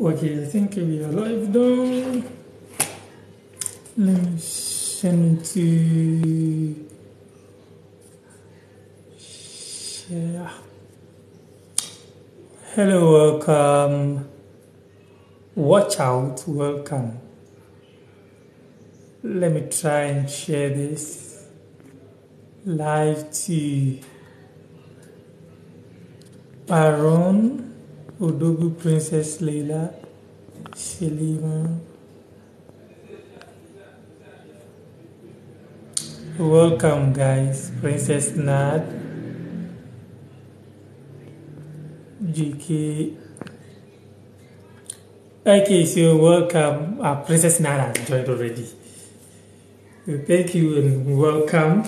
Okay, I think we are live though. Let me send it to share. Hello, welcome. Watch out, welcome. Let me try and share this live to Baron. Odogu Princess Leila Shiliman. Welcome, guys. Princess Nad, GK. Okay, so welcome. Uh, Princess Nad has joined already. Thank you and welcome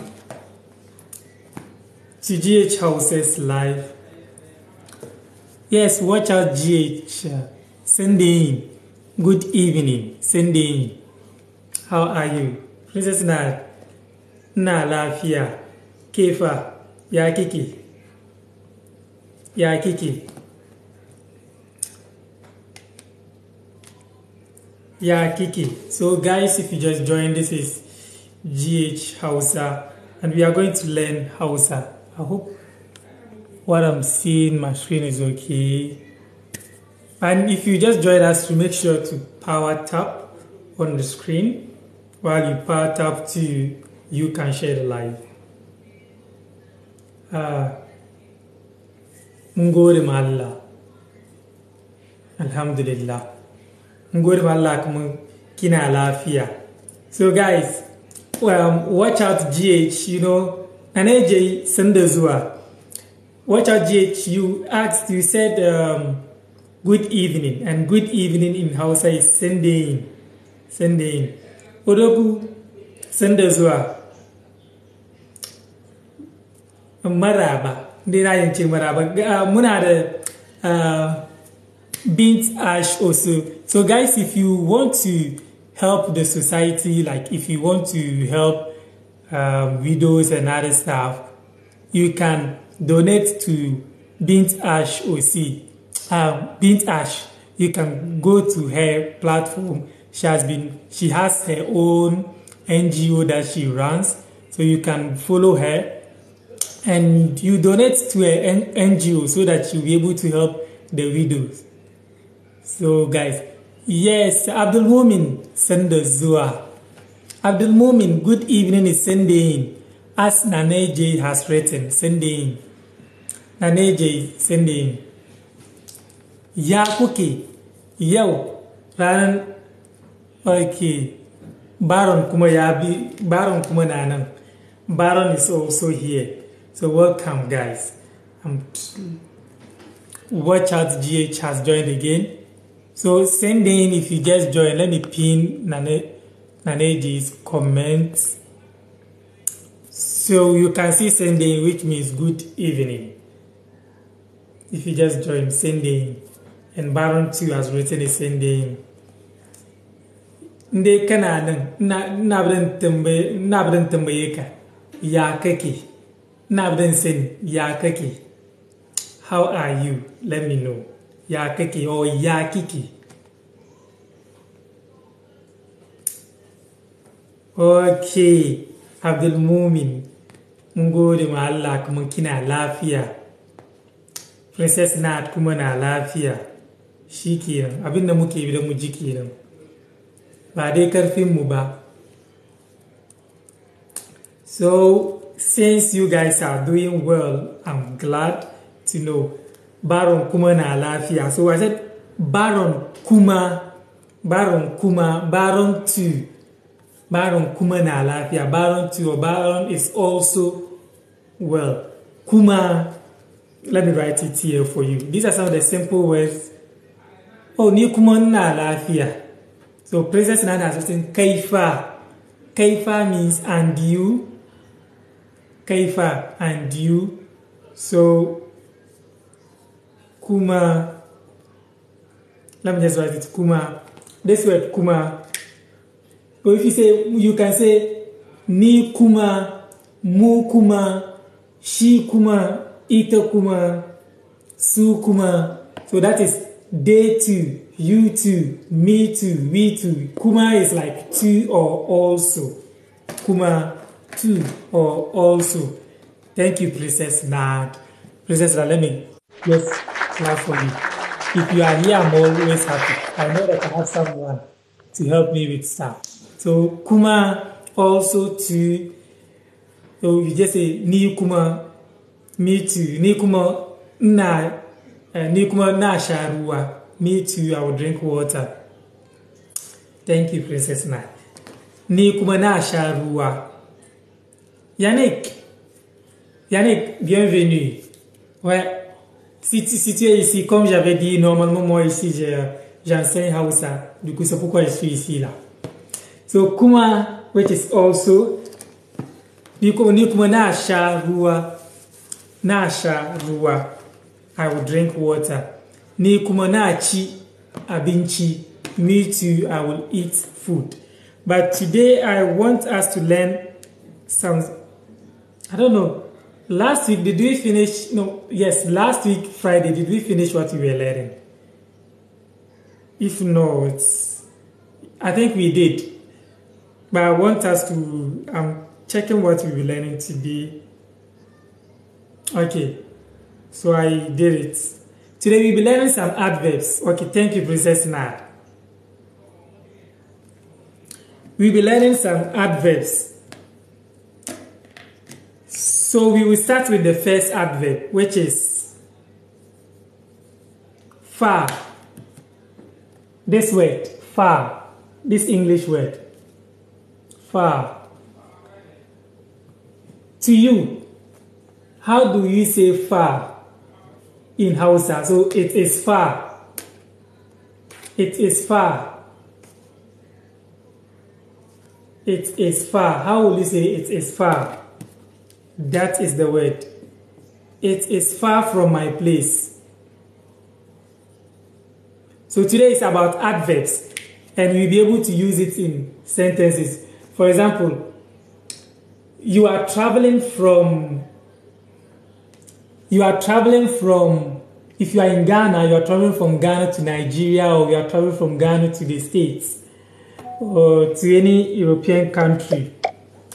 to GH Houses Live Yes, watch out, GH. Uh, send in. Good evening. Send in. How are you? Princess na na lafia. Kefa, ya kiki. Ya kiki. Ya Kiki. So, guys, if you just joined, this is GH Hausa, and we are going to learn Hausa. I hope what I'm seeing my screen is okay and if you just join us to make sure to power tap on the screen while you power tap to you can share the live ah ngore ma Allah alhamdulillah ngore gode ma Allah kina lafiya so guys um, watch out gh you know an aj sun da zuwa What out, GH. You asked, you said um, good evening, and good evening in Hausa is "sending, sending." Odogu, Sendazwa. Maraba. Dai na ce maraba. Uh, muna da uh, beans ash also. So, guys, if you want to help the society, like if you want to help um, widows and other stuff, you can donate to Bint Ash OC. Um, Bint Ash, you can go to her platform. She has been, she has her own NGO that she runs, so you can follow her and you donate to an NGO so that you'll be able to help the widows. So, guys, yes, Abdul Mumin the Zua. Abdul Mumin, good evening is sending As Nane J has written, sending na je sendin ya kuke yau ranar ke baron kuma ya bi baron kuma na nan baron is also here so welcome guys I'm um, watch out gh has joined again so send in if you just join let me pin Nane, naneji's comments so you can see sending which means good evening if you just join sending and baron 2 has written a sending dai kana nan ina bidan tambaye ka ya kake ina bidan sani ya kake how are you let me know ya kake o ya kike ok abdulmumin mun gode ma Allah kuma kina lafiya princess nat kuma na lafiya shi kenan abinda muke bi da mu ji kenan ba dai mu ba so since you guys are doing well i'm glad to know baron kuma na lafiya so i said baron kuma baron kuma baron tu baron kuma na lafiya baron tu baron is also well kuma let me write it here for you. These are some of the simple words. Oh, ni kuma na lafiya. So Princess Nana has written kaifa. Kaifa means and you. Kaifa and you. So kuma. Let me just write it kuma. This word kuma. But if you say you can say ni kuma, mu kuma, she kuma. Itokuma, Sukuma. So that is they too, you too, me too, we too. Kuma is like two or also. Kuma, two or also. Thank you, Princess Nag. Princess Nag, let me just clap for me. If you are here, I'm always happy. I know that I have someone to help me with stuff. So Kuma also to. So you just say ni Kuma Me too. Ni kouman na a charoua. Me too. I will drink water. Thank you, Princess Man. Ni kouman na a charoua. Yannick. Yannick, bienvenue. Ouais. Si tu es ici, comme j'avais dit, normalement moi ici j'enseigne à vous ça. Du coup, c'est pourquoi je suis ici là. So, kouman, which is also. Ni kouman na a charoua. na sha ruwa i will drink water ni kuma na ci abinci me too i will eat food but today i want us to learn some i don't know last week did we finish no yes last week friday did we finish what we were learning if not i think we did but i want us to i'm checking what we were learning today Okay, so I did it. Today we'll be learning some adverbs. Okay, thank you, Princess Nad. We'll be learning some adverbs. So we will start with the first adverb, which is far. This word, far, this English word, far. To you, how do you say far in Hausa? So it is far. It is far. It is far. How will you say it is far? That is the word. It is far from my place. So today is about adverbs and we'll be able to use it in sentences. For example, you are traveling from you are traveling from, if you are in Ghana, you are traveling from Ghana to Nigeria, or you are traveling from Ghana to the States, or to any European country,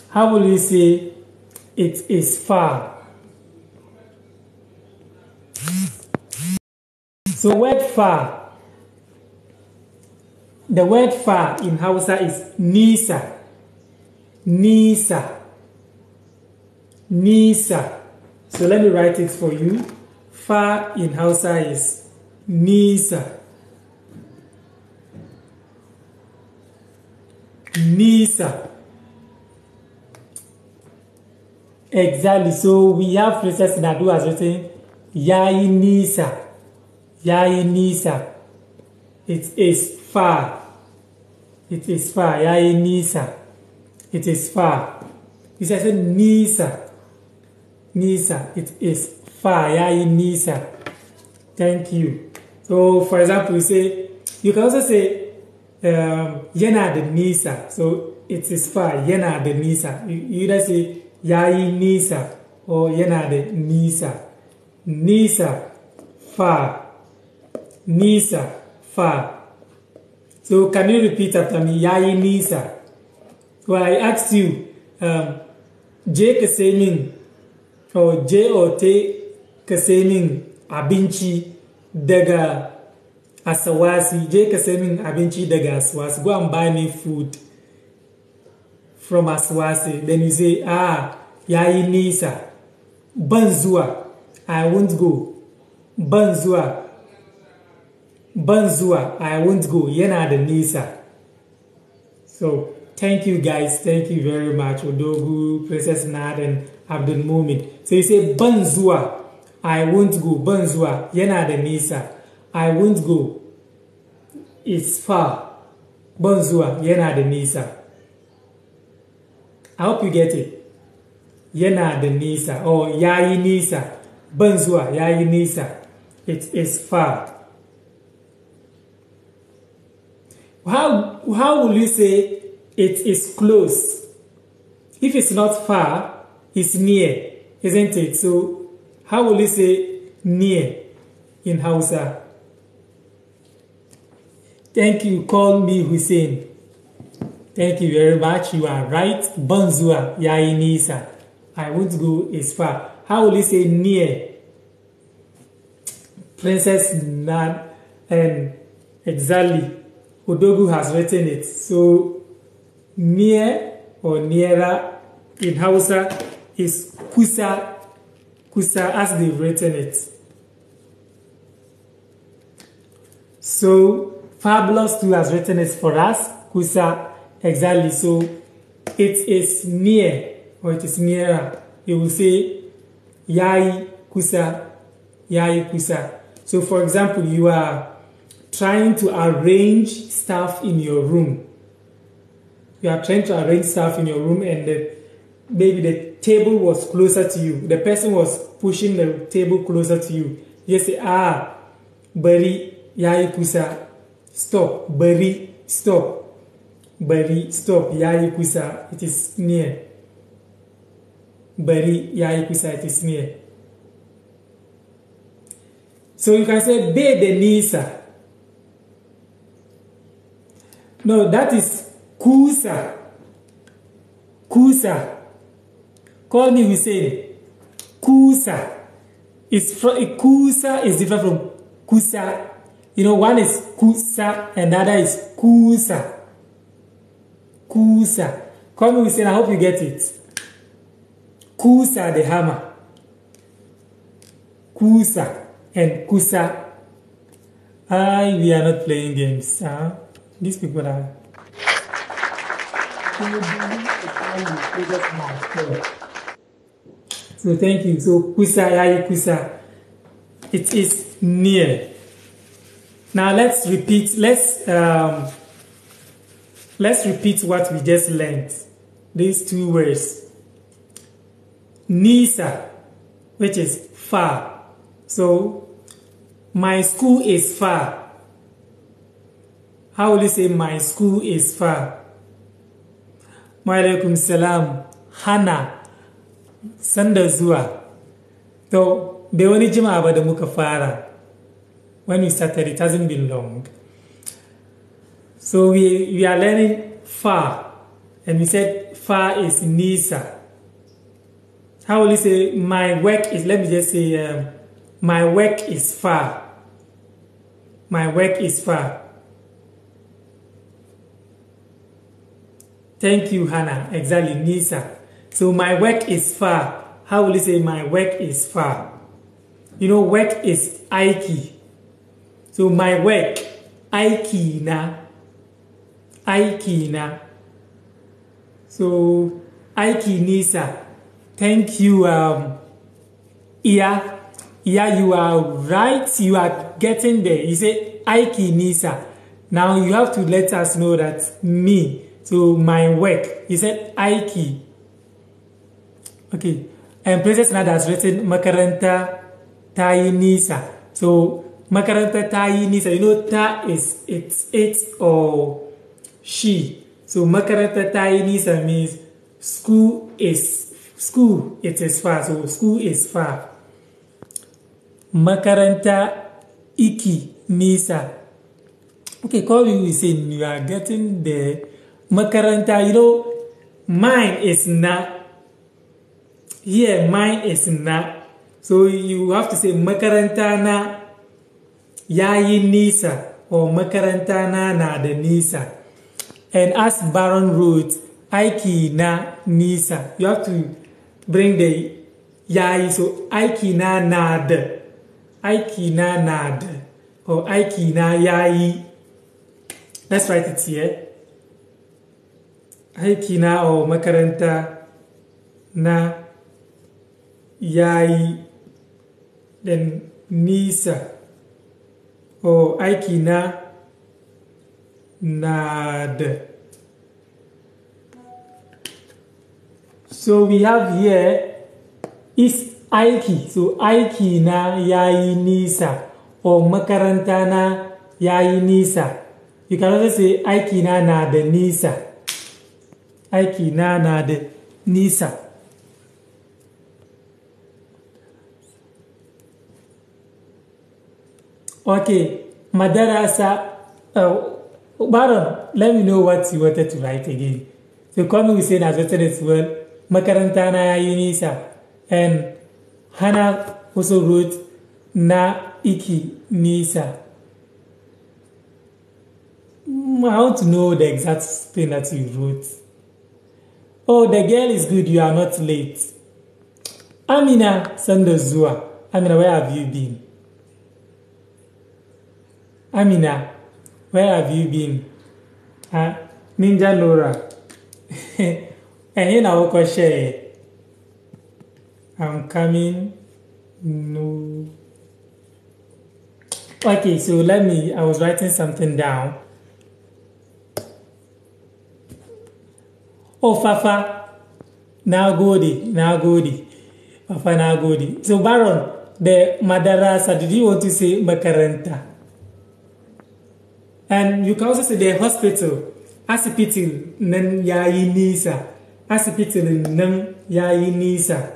how will you say it is far? So word far, the word far in Hausa is Nisa, Nisa, Nisa. So let me write it for you. Fa in Hausa is Nisa. Nisa. Exactly. So we have Princess Nadu has written Yai Nisa. Yai Nisa. It is far. It is far. Yai Nisa. It is far. It says Nisa. Nisa. It is in Nisa. Thank you. So, for example, you say, you can also say, um, Yena de Nisa. So, it is far Yena de Nisa. You, you either say Yai Nisa or Yena de Nisa. Nisa, far. Nisa, far. So, can you repeat after me? Yai Nisa. Well, I asked you, um, Jake is saying, To je ka sai min abinci daga asawasi je ka sai min abinci daga asawasi go and buy me food from asawasi then you say ah yayi nisa ban zuwa i won't go ban zuwa ban zuwa i won't go yana da nisa so thank you guys thank you very much odogu princess naden have abdulmumin so sai say zuwa i won't go ban zuwa yana da nisa i won't go it's far ban zuwa yana da nisa i hope you get it yana da nisa or oh, ya yi nisa ban zuwa ya yi nisa it is far how, how will you say it is close if it's not far is near, isn't it? So how will you say near in Hausa? Thank you, call me Hussein. Thank you very much. You are right. Bonzua, yayi nisa. I won't go as far. How will you say near? Princess Nan and um, exactly Odogu has written it. So near or nearer in Hausa is kusa kusa as they've written it. So Fabulous 2 has written it for us, kusa exactly. So it is near or it is nearer. You will say Yai kusa Yai kusa. So for example, you are trying to arrange stuff in your room. You are trying to arrange stuff in your room and the, maybe the table was closer to you. The person was pushing the table closer to you. You say, ah, bari yai kusa. Stop, bari, stop. Bari, stop, yai kusa. It is near. Bari yai kusa. It is near. So you can say bede nisa. No, that is kusa. Kusa. Call me Hussein. Kusa. It's from, Kusa is different from Kusa. You know, one is Kusa, and another is Kusa. Kusa. Call me Hussein. I hope you get it. Kusa the hammer. Kusa and Kusa. I we are not playing games. Huh? These people are. So thank you. So kusayai kusa. It is near. Now let's repeat. Let's um, let's repeat what we just learned. These two words. Nisa, which is far. So my school is far. How will you say my school is far? Wa alaikum salam. Hannah. sanda zuwa to bai wani jima'a ba da muka fara when we started it hasn't been long so we, we are learning far and we said far is nisa how will you say my work is let me just say um, my work is far my work is far thank you hannah exactly nisa So my work is far. How will you say my work is far? You know, work is aiki. So my work, aiki na. Aiki na. So aiki nisa. Thank you. Um, yeah, yeah, you are right. You are getting there. You say aiki nisa. Now you have to let us know that me. So my work. You said aiki. okay and places now that's written makaranta ta nisa so makaranta ta nisa you know ta is it's it or she so makaranta ta nisa means school is school it is far so school is far makaranta iki nisa okay call you we say you are getting the makaranta you know mine is not Here, mine is na. So you have to say makaranta na yayi nisa or makaranta na na da nisa. And as Baron wrote, aiki na nisa. You have to bring the yayi. So aiki na na da. Aiki na na da. Or aiki na yayi. Let's write it here. Aiki na or makaranta na ya yi ɗan nisa o oh, aiki na na da so we have here is aiki so aiki na ya yi nisa o makaranta na ya yi nisa you can also say aiki na na da nisa aiki na na da nisa Okay, madarasa. Uh, Baron, let me know what you wanted to write again. So come we say na written as well. Makaranta na yayi And Hana also wrote na iki nisa. Mm, I want to know the exact thing that you wrote. Oh, the girl is good. You are not late. Amina Sandozua. Amina, where have you been? Amina, where have you been? Ah, Ninja Laura. Ẹ̀yin làwọn kọ ṣe I'm coming. No. Okay, so let me, I was writing something down. Oh, Fafa, now Godi, now Godi, Fafa, now Godi. So, Baron, the Madarasa, did you want to say Makarenta? And you can also see the hospital, hospital, nan ya inisa, hospital, nan ya inisa.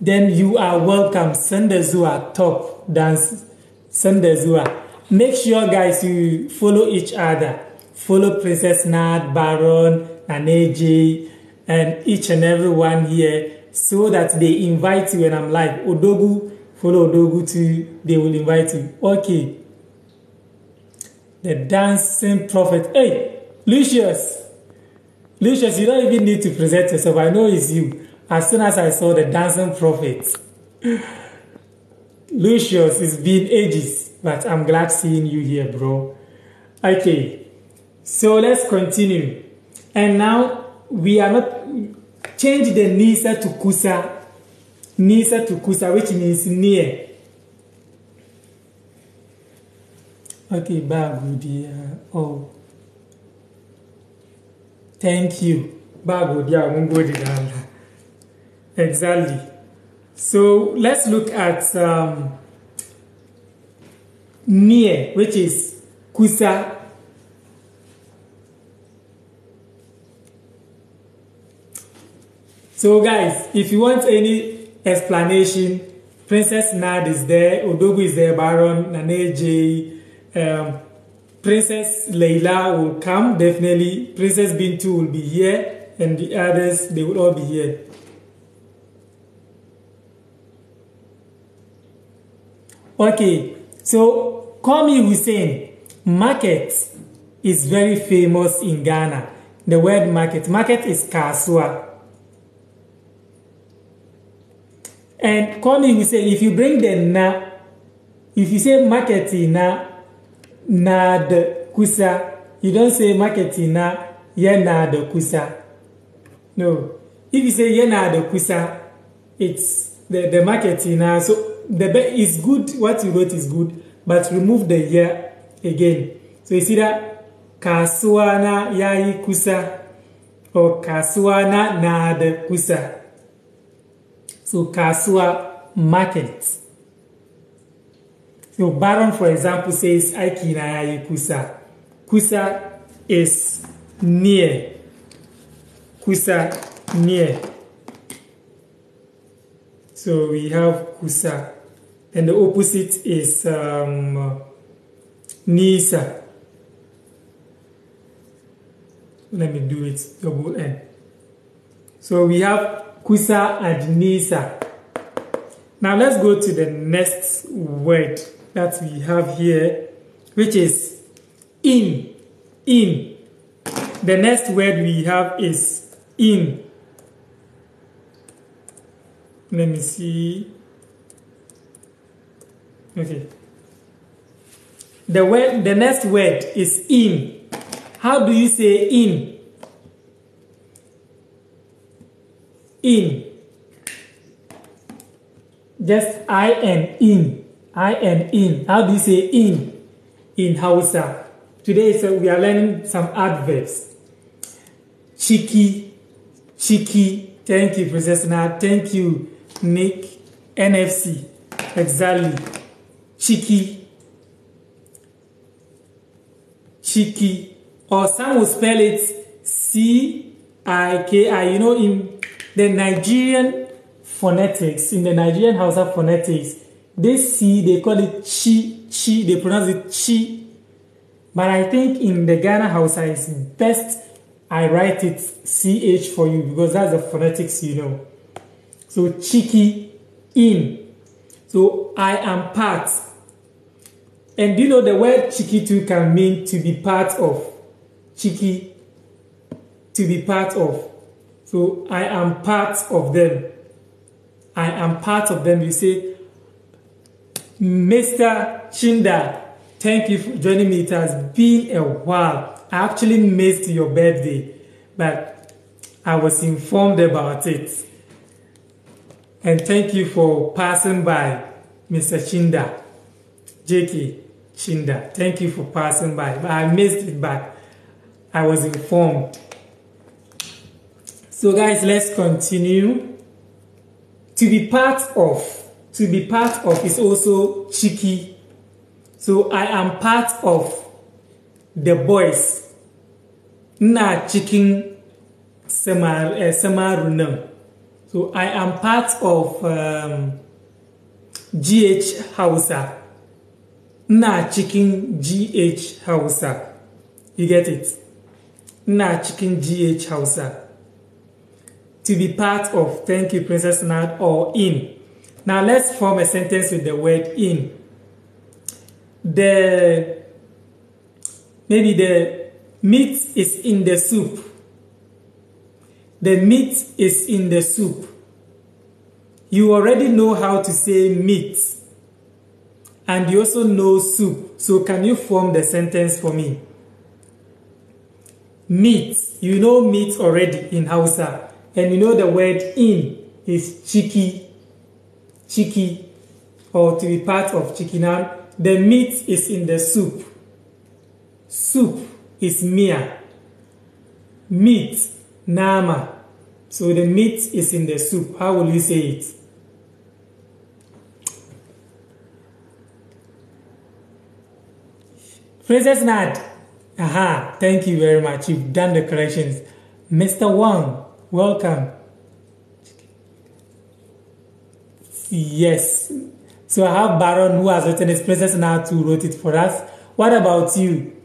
Then you are welcome, send who are top dance, send who are. Make sure guys you follow each other, follow Princess Nad, Baron, Naneji, and each and every one here so that they invite you when I'm live. Odogu follow Odoguti, they will invite you. Okay. The dancing prophet. Hey, Lucius. Lucius, you don't even need to present yourself. I know it's you. As soon as I saw the dancing prophet, Lucius, it's been ages, but I'm glad seeing you here, bro. Okay, so let's continue. And now we are not change the Nisa to Kusa Nisa to Kusa, which means near. Okay, bagu dia. Oh. Thank you. Bagu dia Bagudia, Mungodiala. Exactly. So let's look at um, near, which is Kusa. So guys, if you want any explanation. Princess Nad is there, Odogu is there, Baron, Naneje, um, Princess Leila will come, definitely. Princess Bintu will be here, and the others, they will all be here. Okay, so me Hussein, market is very famous in Ghana. The word market, market is kasua. and coming we say if you bring dem na if you say marketing na na da kusa you don say marketing na yana da kusa no if you say yana da kusa it's the the marketing na so the be is good what you wrote is good but remove the ya again so you see that kasuwa na yayi kusa or kasuwa na na da kusa so Kasua market. So Baron, for example, says Aikinaya Kusa. Kusa is near. Kusa near. So we have Kusa. And the opposite is um, Nisa. Let me do it double N. So we have kusa and nisa. Now let's go to the next word that we have here, which is in. In. The next word we have is in. Let me see. Okay. The word the next word is in. How do you say in? in just I and in I and in how do you say in in Hausa today so we are learning some adverbs cheeky cheeky thank you professor. Na thank you Nick NFC exactly cheeky cheeky or some will spell it C I K I you know in the Nigerian phonetics, in the Nigerian Hausa phonetics, they see, they call it chi, chi, they pronounce it chi. But I think in the Ghana Hausa, it's best I write it ch for you because that's the phonetics you know. So cheeky in. So I am part. And you know the word cheeky too can mean to be part of. Cheeky to be part of. So I am part of them. I am part of them. You say, Mr. Chinda, thank you for joining me. It has been a while. I actually missed your birthday, but I was informed about it. And thank you for passing by, Mr. Chinda. JK Chinda, thank you for passing by. But I missed it, but I was informed. So guys, let's continue. To be part of, to be part of is also cheeky. So I am part of the boys. Na chicken semarunam. Eh, so I am part of um, GH Hausa. Na chicken GH Hausa. You get it? Na chicken GH Hausa to be part of. Thank you, Princess Nad, or in. Now let's form a sentence with the word in. The maybe the meat is in the soup. The meat is in the soup. You already know how to say meat. And you also know soup. So can you form the sentence for me? Meat. You know meat already in Hausa. And you know the word in is chiki, chiki, or to be part of chikinan. The meat is in the soup. Soup is mia. Meat, nama. So the meat is in the soup. How will you say it? Princess Nad. Aha, thank you very much. You've done the corrections. Mr. Wang, Welcome. Yes. So I have Baron who has written it. Princess now to wrote it for us. What about you?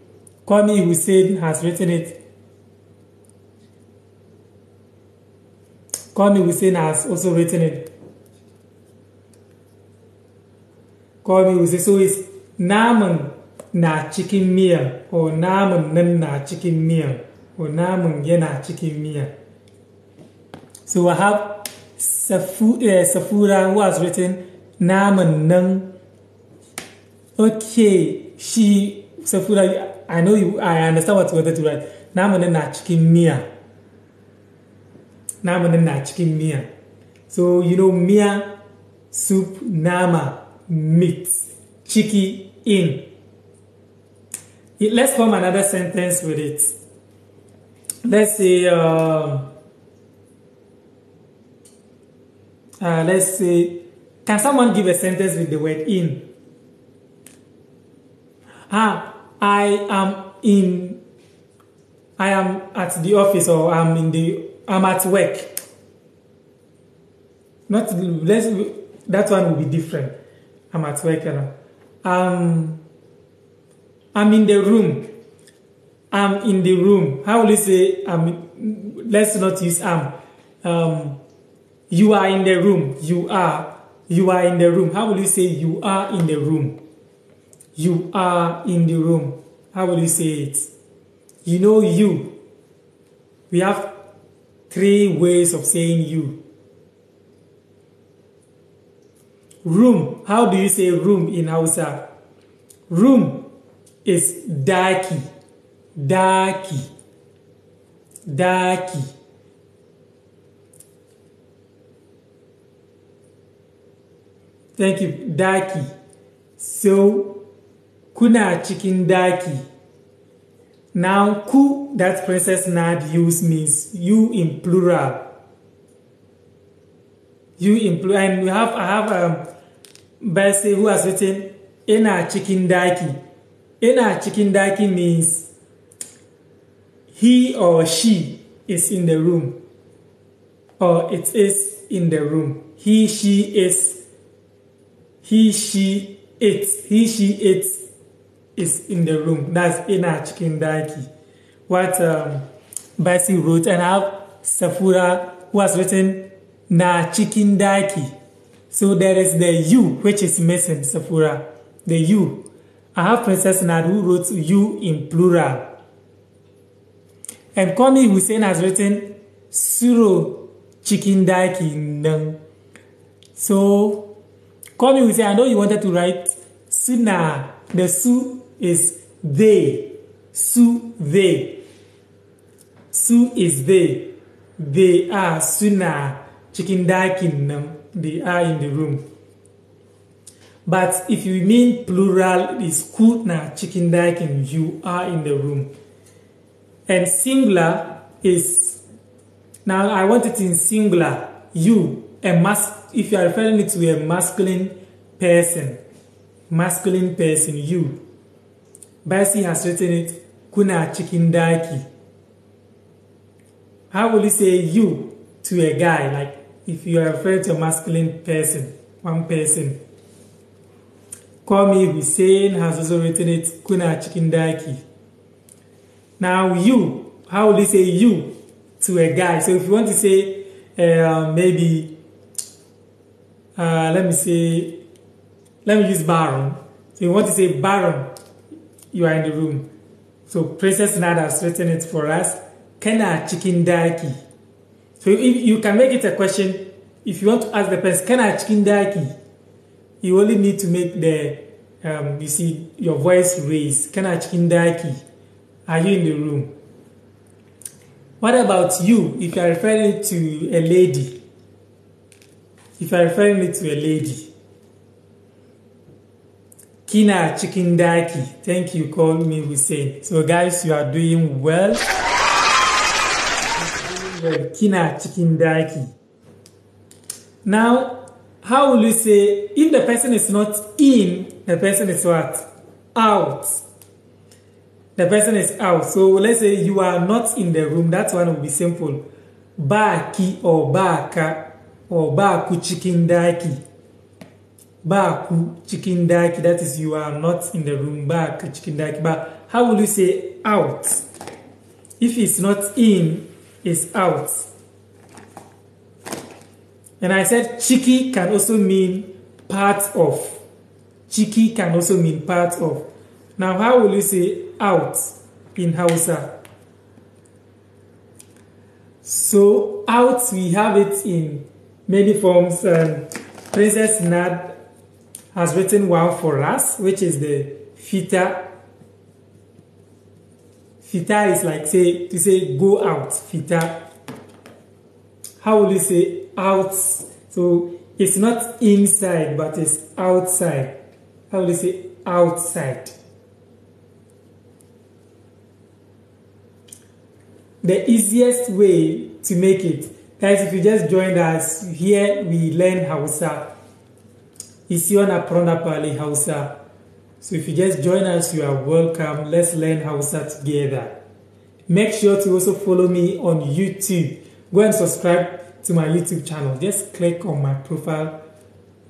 Kwame Hussein has written it. Kwame Hussein has also written it. Kwame Hussein. So it's naman na chicken meal or naman nan na chicken meal or naman yana chicken meal. So I have Safu, uh, Safura who has written Naman Nung. Okay, she, Safura, I know you, I understand what you wanted to write. Naman Nang na Mia. miya. Naman Nang na cikin So, you know, mia soup, nama, meat, chiki, in. Let's form another sentence with it. Let's say, uh, uh, let's say, can someone give a sentence with the word in? Ah, I am in, I am at the office or I'm in the, I'm at work. Not, let's, that one will be different. I'm at work. You know. Um, I'm in the room. I'm in the room. How will you say, I'm, let's not use am. Um, You are in the room. You are. You are in the room. How will you say you are in the room? You are in the room. How will you say it? You know you. We have three ways of saying you. Room. How do you say room in Hausa? Room is daki. Daki. Daki. thank you daki so kuna chicken daki now ku that princess nad use means you in plural you in plural and we have i have um Bessie who has written ina chicken daki ina chicken daki means he or she is in the room or it is in the room he she is he, she, it, he, she, it is in the room. That's chicken daiki. What um, Basi wrote, and I have Safura who has written Na daiki. So there is the U which is missing, Safura. The U. I have Princess Nad who wrote U in plural. And Kwame Hussein has written Suro Chikindaki. So Call me, we say, I know you wanted to write suna. The su is they. Su, they. Su is they. They are suna. Chicken dakin. They are in the room. But if you mean plural, is kuna chicken dakin. You are in the room. And singular is now I want it in singular. You a mas if you are referring it to a masculine person, masculine person, you. Basi has written it, Kuna daiki. How will you say you to a guy? Like if you are referring to a masculine person, one person. Call me Hussein has also written it, Kuna daiki. Now you, how will you say you to a guy? So if you want to say uh, maybe uh, let me say let me use baron so you want to say baron you are in the room so princess nada has written it for us kena chicken daki so if you can make it a question if you want to ask the person kena chicken daki you only need to make the um, you see your voice raise. kena chicken daki are you in the room what about you if you are referring to a lady if you're referring me to a lady kina chicken daki thank you call me hussein so guys you are doing well well kina chicken daki now how will you say if the person is not in the person is what out the person is out so let's say you are not in the room that one will be simple baaki or baaka or baku chicken daiki. Baku chicken daiki. that is you are not in the room, baku chicken daiki. But how will you say out? If it's not in, it's out. And I said chiki can also mean part of. Chiki can also mean part of. Now, how will you say out in Hausa? So, out, we have it in many forms. Um, Princess Nad has written one for us, which is the fita. Fita is like say to say go out. Fita. How will you say out? So it's not inside, but it's outside. How will you say outside? The easiest way to make it Guys, if you just joined us, here we learn Hausa. Isiona Pronapali Hausa. So if you just join us, you are welcome. Let's learn Hausa together. Make sure to also follow me on YouTube. Go and subscribe to my YouTube channel. Just click on my profile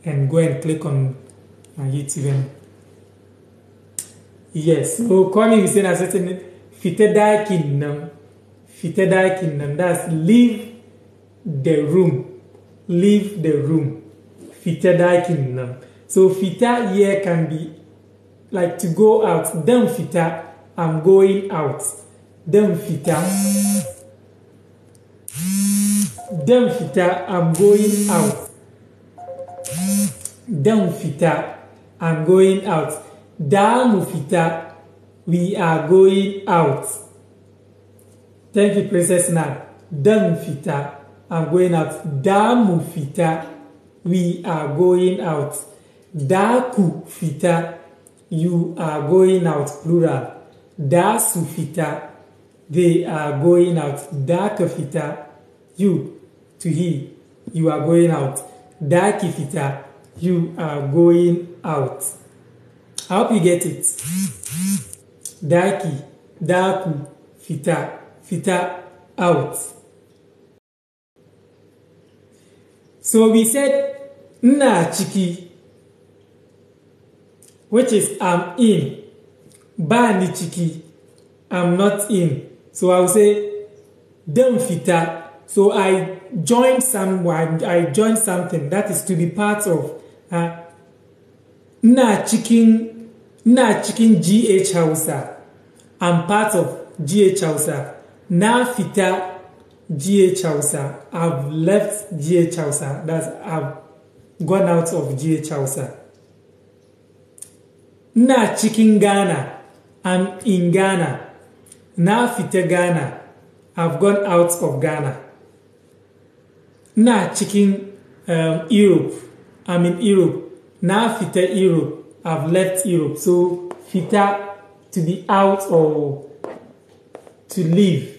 and go and click on my YouTube. And yes, so Kwame Hussein has written Fitedai Kingdom. Fitedai Kingdom. That's live the room leave the room fita dakin nan so fita here can be like to go out dan fita i'm going out dan fita dan fita i'm going out dan fita i'm going out da fita we are going out thank you princess nan dan fita I'm going out. Da mufita, we are going out. Da kufita, you are going out. Plural. Da sufita, they are going out. Da kafita, you to he, you are going out. Da kifita, you are going out. I hope you get it. Daki, daku, fita, fita, out. So we said na chiki, which is I'm in. Ba ni chiki, I'm not in. So I will say dem fita. So I joined someone. I joined something that is to be part of. Uh, na chicken, na chicken GH Hausa. I'm part of GH Hausa. Na fita GH Hausa. I've left GH Hausa. That's I've gone out of GH Hausa. Ina cikin Ghana. I'm in Ghana. Na fita Ghana. I've gone out of Ghana. Ina cikin um, Europe. I'm in Europe. Na fita Europe. I've left Europe. So fita to be out or to leave.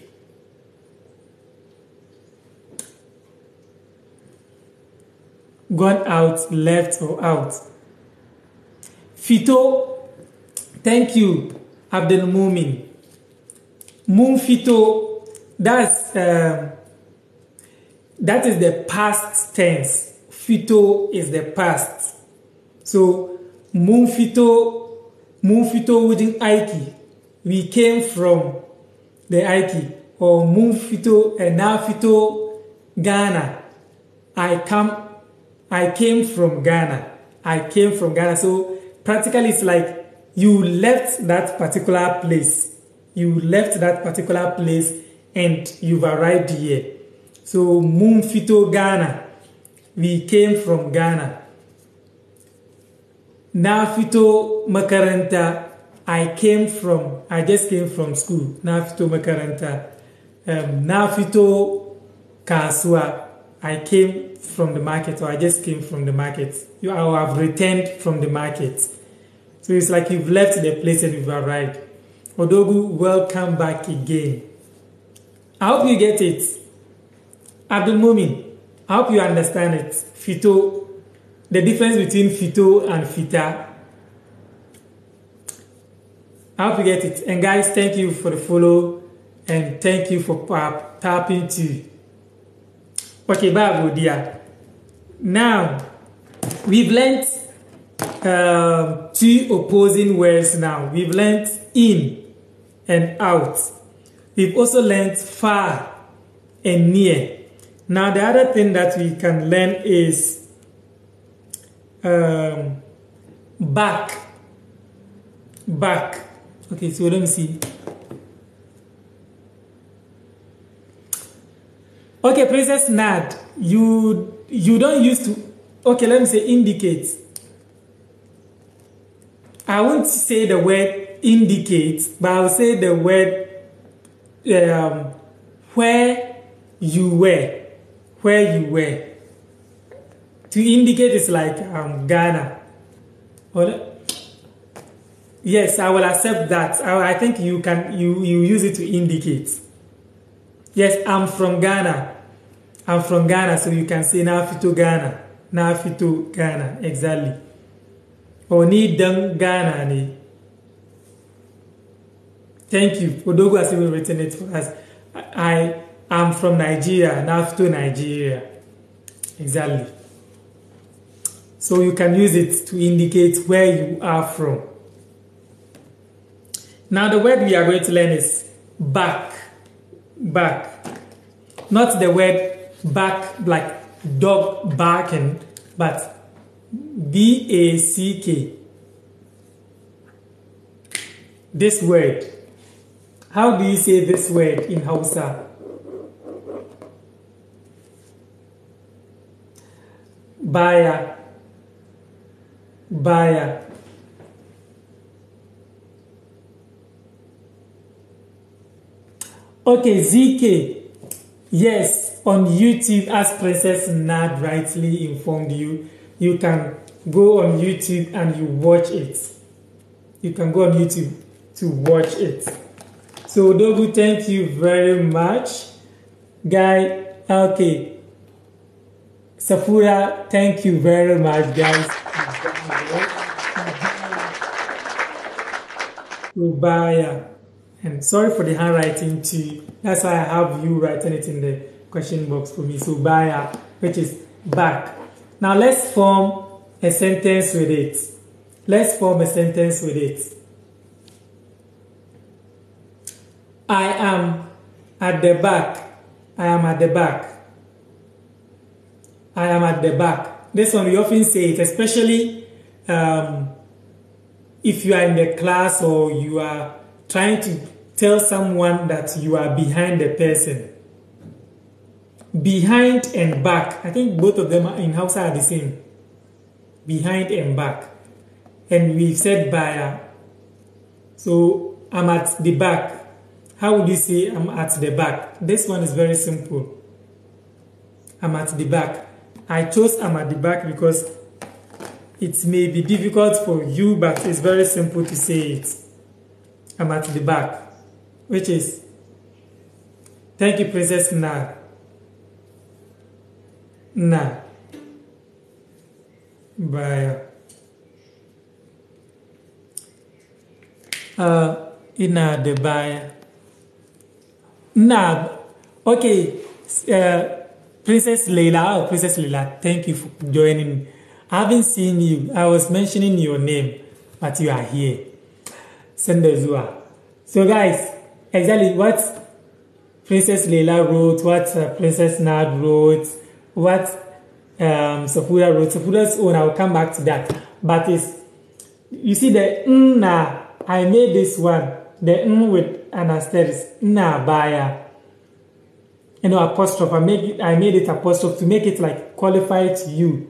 gone out, left, or out. Fito, thank you, Abdel Mumin. Mum Fito, that's, uh, that is the past tense. Fito is the past. So, Mum Fito, Mum Fito within Aiki. We came from the Aiki. Or Mum Fito, and now Fito, Ghana. I come I came from Ghana. I came from Ghana. So practically it's like you left that particular place. You left that particular place and you've arrived here. So Mumfito Ghana. We came from Ghana. Nafito Makaranta. I came from, I just came from school. Nafito Makaranta. Um, Nafito Kasua. I came from the market or I just came from the market. You I have returned from the market. So it's like you've left the place and you've arrived. Odogu, welcome back again. I hope you get it. Abdul Mumin, I hope you understand it. Fito, the difference between Fito and Fita. I hope you get it. And guys, thank you for the follow and thank you for tapping to Okay, Babu dear. Now, we've learnt uh, two opposing words now. We've learnt in and out. We've also learnt far and near. Now, the other thing that we can learn is um, back. Back. Okay, so let me see. okay princess nad you you don't use to okay let me say indicate i won't say the word indicate but i'll say the word um, where you were where you were to indicate is like um, ghana or yes i will accept that I, I think you can you you use it to indicate Yes, I'm from Ghana. I'm from Ghana, so you can say Nafitu Ghana. Nafitu Ghana, exactly. Oni ni Ghana ni. Thank you. Odogo has even written it for us. I am from Nigeria, Nafitu Nigeria. Exactly. So you can use it to indicate where you are from. Now the word we are going to learn is back back. Not the word back, like dog barking, and but B A C K. This word. How do you say this word in Hausa? Baya. Baya. Okay, ZK. Yes, on YouTube, as Princess Nad rightly informed you, you can go on YouTube and you watch it. You can go on YouTube to watch it. So, Dogu, thank you very much. Guy, okay. Safura, thank you very much, guys. Rubaya. And sorry for the handwriting too. That's why I have you writing it in the question box for me. So buyer, which is back. Now let's form a sentence with it. Let's form a sentence with it. I am at the back. I am at the back. I am at the back. This one we often say it, especially um, if you are in the class or you are trying to tell someone that you are behind the person. Behind and back. I think both of them in Hausa are the same. Behind and back. And we've said by. So I'm at the back. How would you say I'm at the back? This one is very simple. I'm at the back. I chose I'm at the back because it may be difficult for you, but it's very simple to say it. I'm at the back, which is Thank you, Princess Na. Na. Baya. Uh, ina da baya. Na. Okay. Uh, Princess Leila. Oh, Princess Leila, thank you for joining. I haven't seen you. I was mentioning your name, but you are here. send us zuwa so guys exactly what princess leila wrote what uh, princess nad wrote what um, Safura wrote Safura's own I will come back to that but it's you see the nna I made this one the n with an asterisk nna baya you know apostrophe I made it I made it apostrophe to make it like qualified to you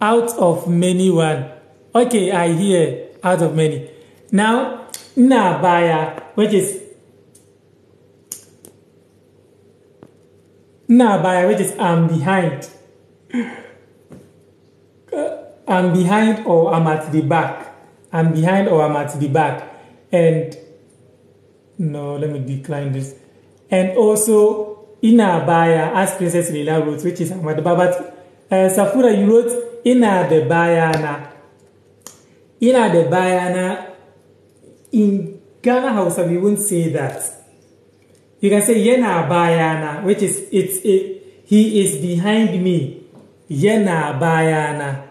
out of many one okay i hear out of many now na baya which is na baya which is i'm behind uh, i'm behind or i'm at the back i'm behind or i'm at the back and no let me decline this and also in abaya as princess leila wrote which is the back. uh, safura you wrote ina da bayana ina da bayana in Ghana Hausa we won't say that you can say yana bayana which is it's it, eh, he is behind me yana bayana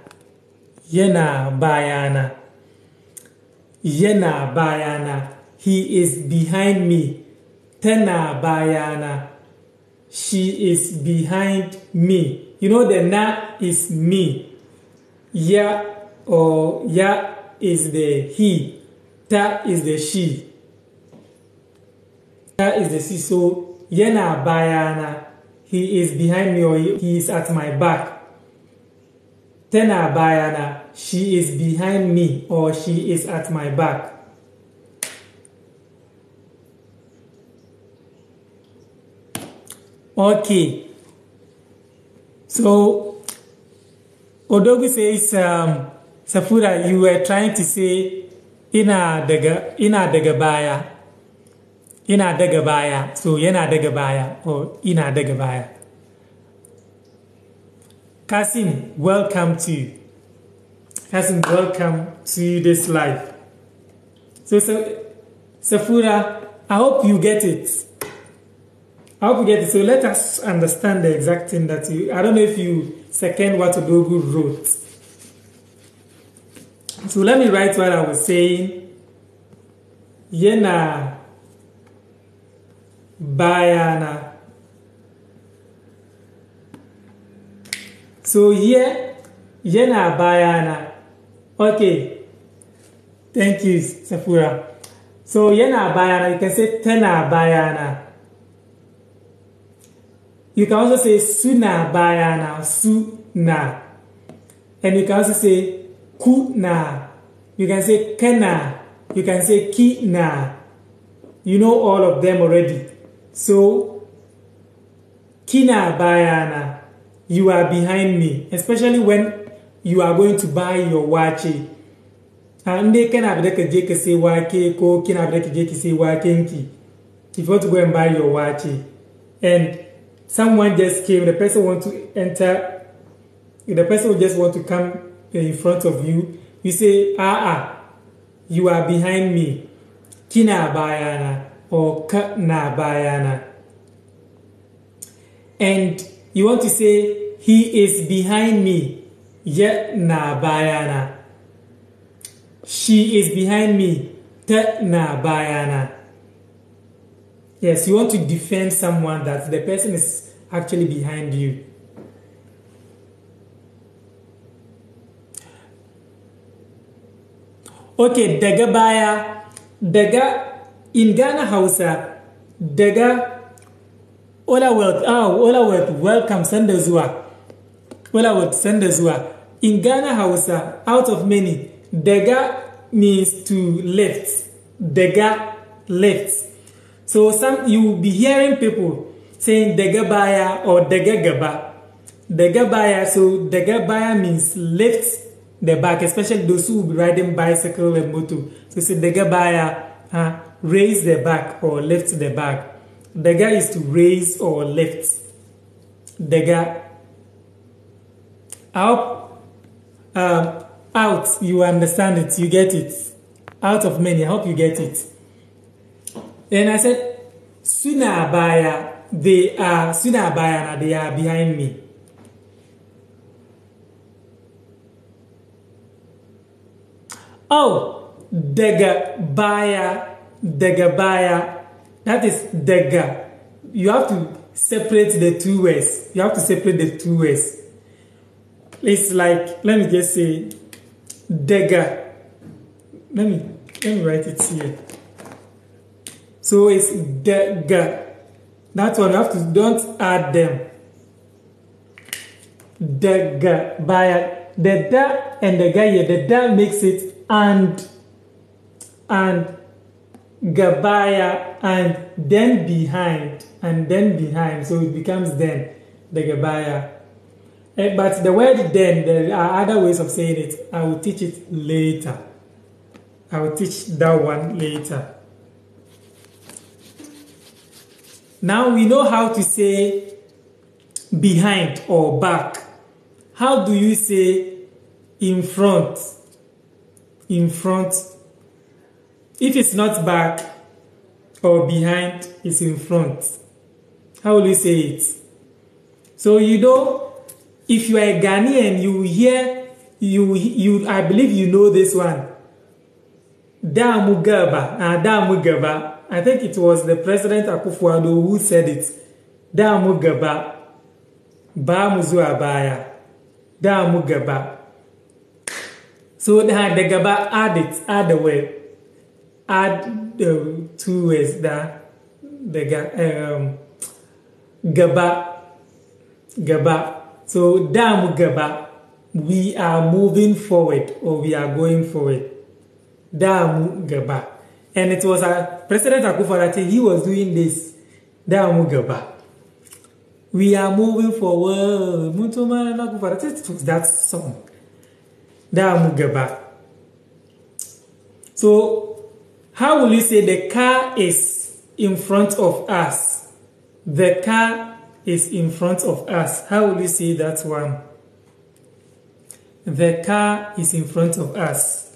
yana bayana yana bayana he is behind me tena bayana she is behind me you know the na is me ya or ya is the he ta is the she ta is the she so yana bayana he is behind me or he is at my back tana bayana she is behind me or she is at my back Okay. So, Odogu says, um, Safura, you were trying to say, ina daga, ina baya. Ina daga baya. So, yena daga baya or ina daga baya. Kasim, welcome to you. Kasim, welcome to this life. So, so Safura, I hope you get it. I hope you get it. So let us understand the exact thing that you. I don't know if you second what Odogu wrote. So let me write what I was saying. Yena bayana. So here, yena bayana. Okay. Thank you, Safura. So yena bayana. You can say tena bayana. You can also say suna bayana, suna. And you can also say kuna. You can say kana. You can say kina. You know all of them already. So, kina bayana, you are behind me. Especially when you are going to buy your wache. And they can have like a jake ko kina have like a jake say wakenki. If you want to go and buy your wache. And someone just came, the person want to enter, the person just want to come in front of you, you say, ah, ah, you are behind me, kina bayana, or kana bayana. And you want to say, he is behind me, yana bayana. She is behind me, tana bayana. Yes, you want to defend someone that the person is actually behind you. Okay, Dega baya, Dega in Ghana Hausa, daga ola wealth, oh, ah, ola wealth, welcome sanda zuwa. Ola wealth sanda In Ghana Hausa, out of many, Dega means to lift. Dega lifts so some you will be hearing people saying degabaya or degagaba. Degabaya, so degabaya means lift the back, especially those who will be riding bicycle and motor. So say degabaya, uh, raise the back or lift the back. Dega is to raise or lift. Dega. Out, uh, out, you understand it, you get it. Out of many, I hope you get it. And I said, Suna baya, they are suna baya, they are behind me. Oh, dega baya, dega baya. That is dega. You have to separate the two words. You have to separate the two words. It's like let me just say dega. Let me let me write it here. So it's the g. That's one you have to don't add them. The g by the da and the guy here. The da makes it and and gabaya and then behind and then behind. So it becomes then the gabaya. Eh, but the word then, there are other ways of saying it. I will teach it later. I will teach that one later. Now we know how to say behind or back. How do you say in front? In front. If it's not back or behind, it's in front. How will you say it? So you know, if you are a Ghanaian, you hear, you, you, I believe you know this one. Damugaba, ah, Damugaba. I think it was the President akufo who said it, da gaba, ba mu zuwa baya, gaba. So da da gaba add it, add the word, add the two words that the um, gaba, gaba. So da gaba, we are moving forward or we are going forward. Da gaba. And it was a, President Akufarate, he was doing this. Mugaba. We are moving forward. Mutumara Akufarate, it was that song. Mugaba. So, how will you say the car is in front of us? The car is in front of us. How will you say that one? The car is in front of us.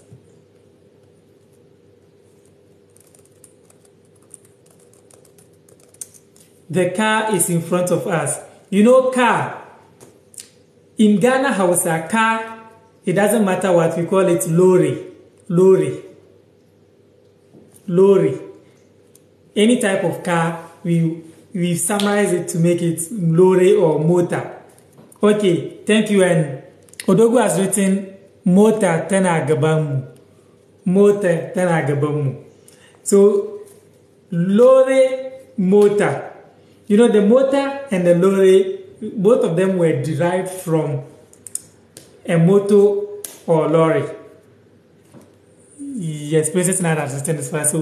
The car is in front of us. You know, car. In Ghana Hausa, car, it doesn't matter what we call it, lorry, lorry, lorry. Any type of car, we, we summarize it to make it lorry or motor. Okay, thank you. And Odogu has written motor tana Motor tana So, lorry, motor. You know, the motor and the lorry, both of them were derived from a motor or lorry. Yes, places suna da sassan da so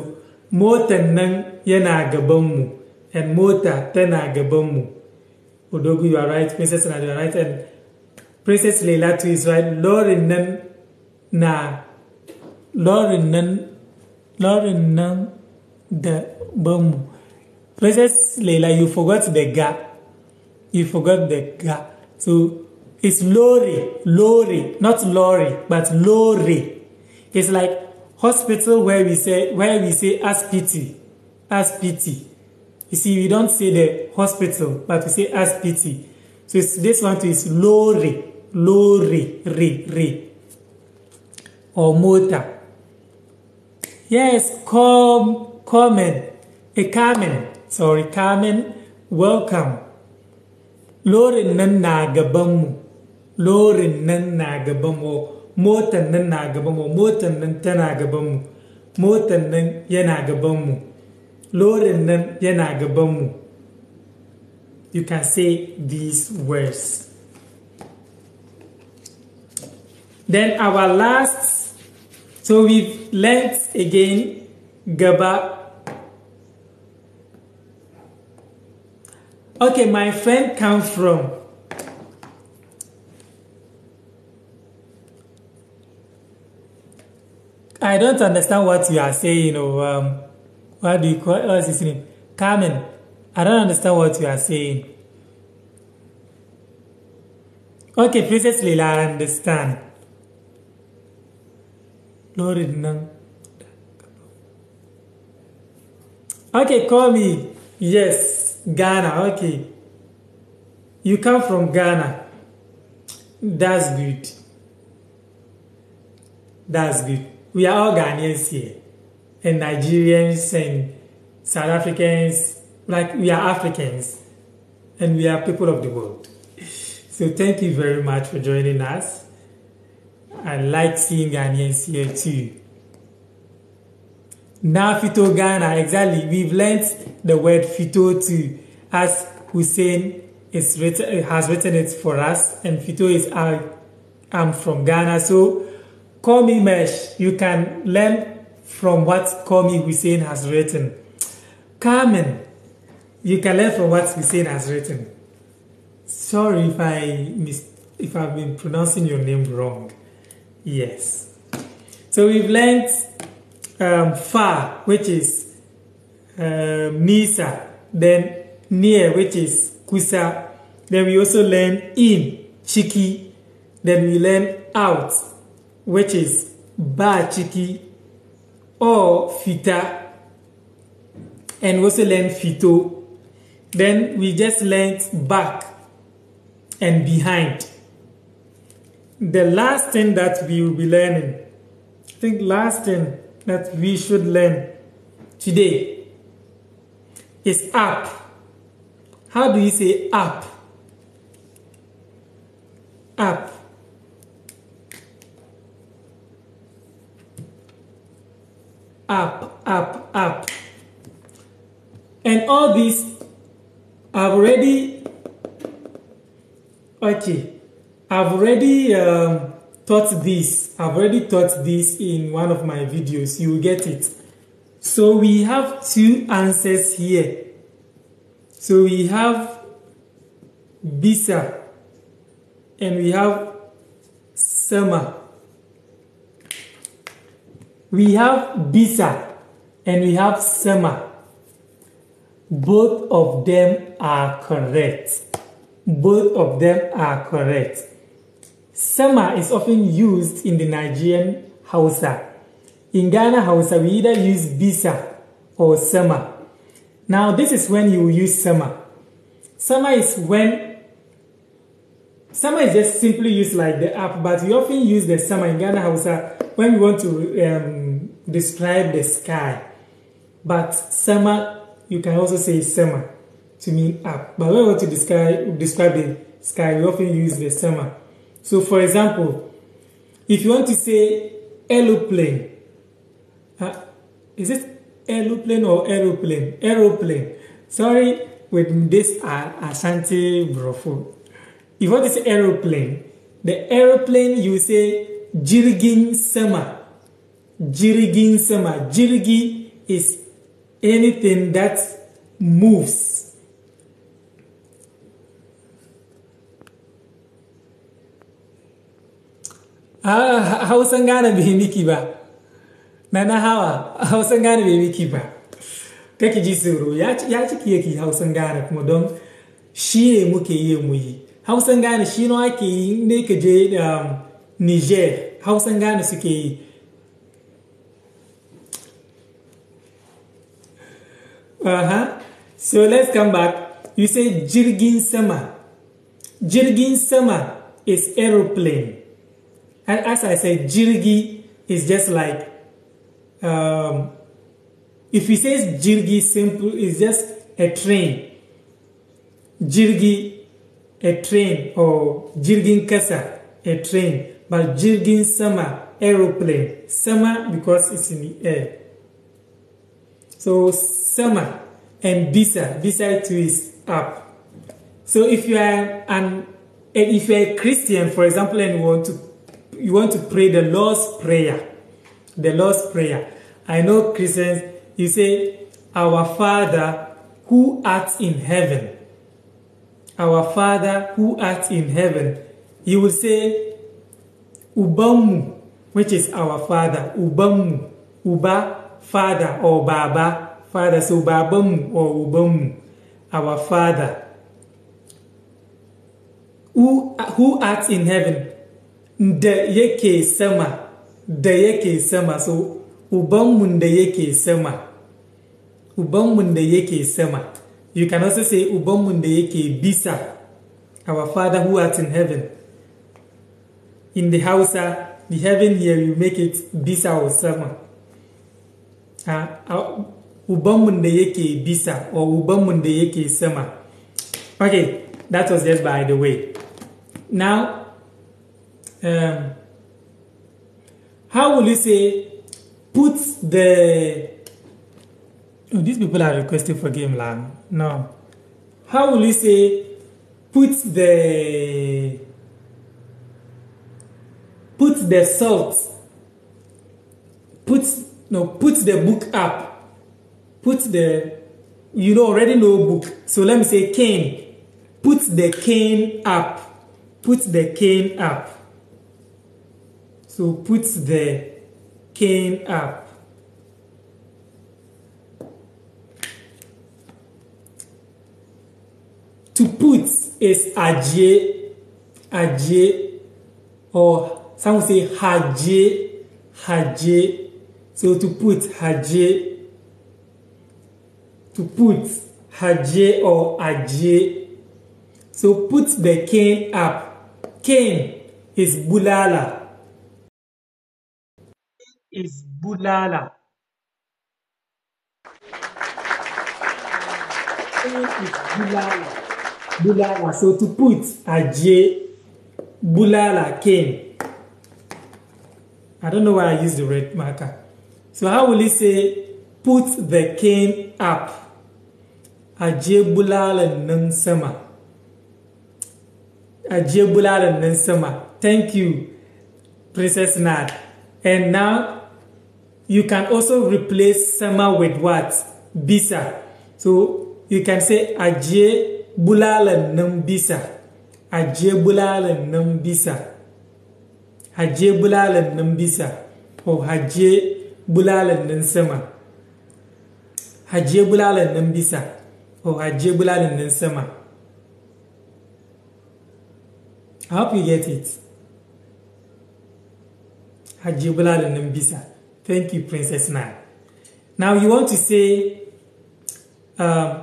motor nan yena gabanmu and motor tena gabanmu. Odogu, you are right, Princess Nana, you are right, and Princess Leila too is right. Lauren nan na Lauren nan Lauren nan the bumu. Princess Leila, you forgot the ga. You forgot the ga. So it's lorry, lorry, not lorry, but lorry. It's like hospital where we say where we say aspiti, aspiti. You see, we don't say the hospital, but we say aspiti. So it's, this one too is lorry, lorry, re, re, or motor. Yes, come, coming, a common. sorry, Carmen, welcome. Lorin nan na gabanmu, lorin nan na gabanmu, motan nan na gabanmu, motan nan tana motan nan yana lorin nan yana You can say these words. Then our last, so we've learnt again Gaba Okay, my friend comes from. I don't understand what you are saying. Or oh, um, what do you call? What's his name? Carmen. I don't understand what you are saying. Okay, Princess Leela, I understand. Lord, no. Okay, call me. Yes. Ghana, okay. You come from Ghana. That's good. That's good. We are all Ghanaians here, and Nigerians and South Africans. Like we are Africans, and we are people of the world. So thank you very much for joining us. I like seeing Ghanaians here too. Now Fito Ghana, exactly. We've learnt the word Fito too, as Hussein is written, has written it for us, and Fito is I am from Ghana. So call me Mesh. You can learn from what call me Hussein has written. Carmen, you can learn from what Hussein has written. Sorry if I mis- if I've been pronouncing your name wrong. Yes. So we've learnt um, far which is uh, nisa then near which is kusa then we also learn in chiki then we learn out which is ba chiki or fita and we also learn fito then we just learned back and behind the last thing that we will be learning i think last thing that we should learn today is up. How do you say up? Up. Up, up, up. And all these I've already, okay, I've already um, taught this. I've already taught this in one of my videos. You will get it. So we have two answers here. So we have Bisa and we have Sama. We have Bisa and we have Sama. Both of them are correct. Both of them are correct. Summer is often used in the Nigerian Hausa. In Ghana Hausa, we either use Bisa or summer. Now, this is when you use summer. Summer is when summer is just simply used like the app, but we often use the summer in Ghana Hausa when we want to um, describe the sky. But summer, you can also say summer to mean up. But when we want to describe, describe the sky, we often use the summer. So for example, if you want to say aeroplane, uh, is it aeroplane or aeroplane? Aeroplane. Sorry, with this uh, Ashanti Brofo. If you want to say aeroplane, the aeroplane you say jirigin sema. Jirigin sema. Jirigi is anything that moves Ah, hausan gane bai miki ba na na hawa hausan gane bai miki ba kake ji tsoro ya ciki yake hausan gane kuma don shi ne muke yi mu yi hausan gane shi ne ake yi ne ka je da um, niger hausan gane suke yi Aha, so let's come back you say jirgin sama jirgin sama is aeroplane And as I said, jirgi is just like, um, if he says jirgi simple, is just a train. Jirgi, a train, or jirgin kasa, a train. But jirgin sama, aeroplane. Sama because it's in the air. So sama and bisa, bisa too is up. So if you are an, if you are a Christian, for example, and you want to you want to pray the Lord's Prayer. The Lord's Prayer. I know Christians, you say, Our Father who art in heaven. Our Father who art in heaven. You will say, Ubamu, which is our Father. Ubamu. Uba, Father or Baba. Father, so Babamu or Ubamu. Our Father. Who, who art in heaven da yake sama da yake sama so ubanmu da yake sama ubanmu da yake sama you can also say ubanmu da yake bisa our father who art in heaven in the hausa uh, the heaven here you make it bisa or sama uh, uh, ubanmu da yake bisa or ubanmu da yake sama okay that was just by the way now um, how will you say put the oh, these people are requesting for game land. no how will you say put the put the salt put no put the book up put the you know already know book so let me say cane put the cane up put the cane up so put the cane up to put is aje aje or some will say haje haje so to put haje to put haje or aje so put the cane up cane is bulala is bulala. is bulala. Bulala. So to put Ajay bulala came. I don't know why I use the red marker. So how will it say put the cane up? Ajay bulala nan sama. Ajay bulala nan sama. Thank you, Princess Nad. And now You can also replace sama with what? Bisa. So you can say ajiye bulalan nan bisa. Ajiye bulalan nan bisa. Ajiye bulalan nan bisa. Ko ajiye bulalan nan sama. Ajiye bulalan nan bisa. Ko ajiye bulalan nan sama. I hope you get it. Ajiye bulalan nan bisa. Thank you, Princess Nile. Now you want to say, uh,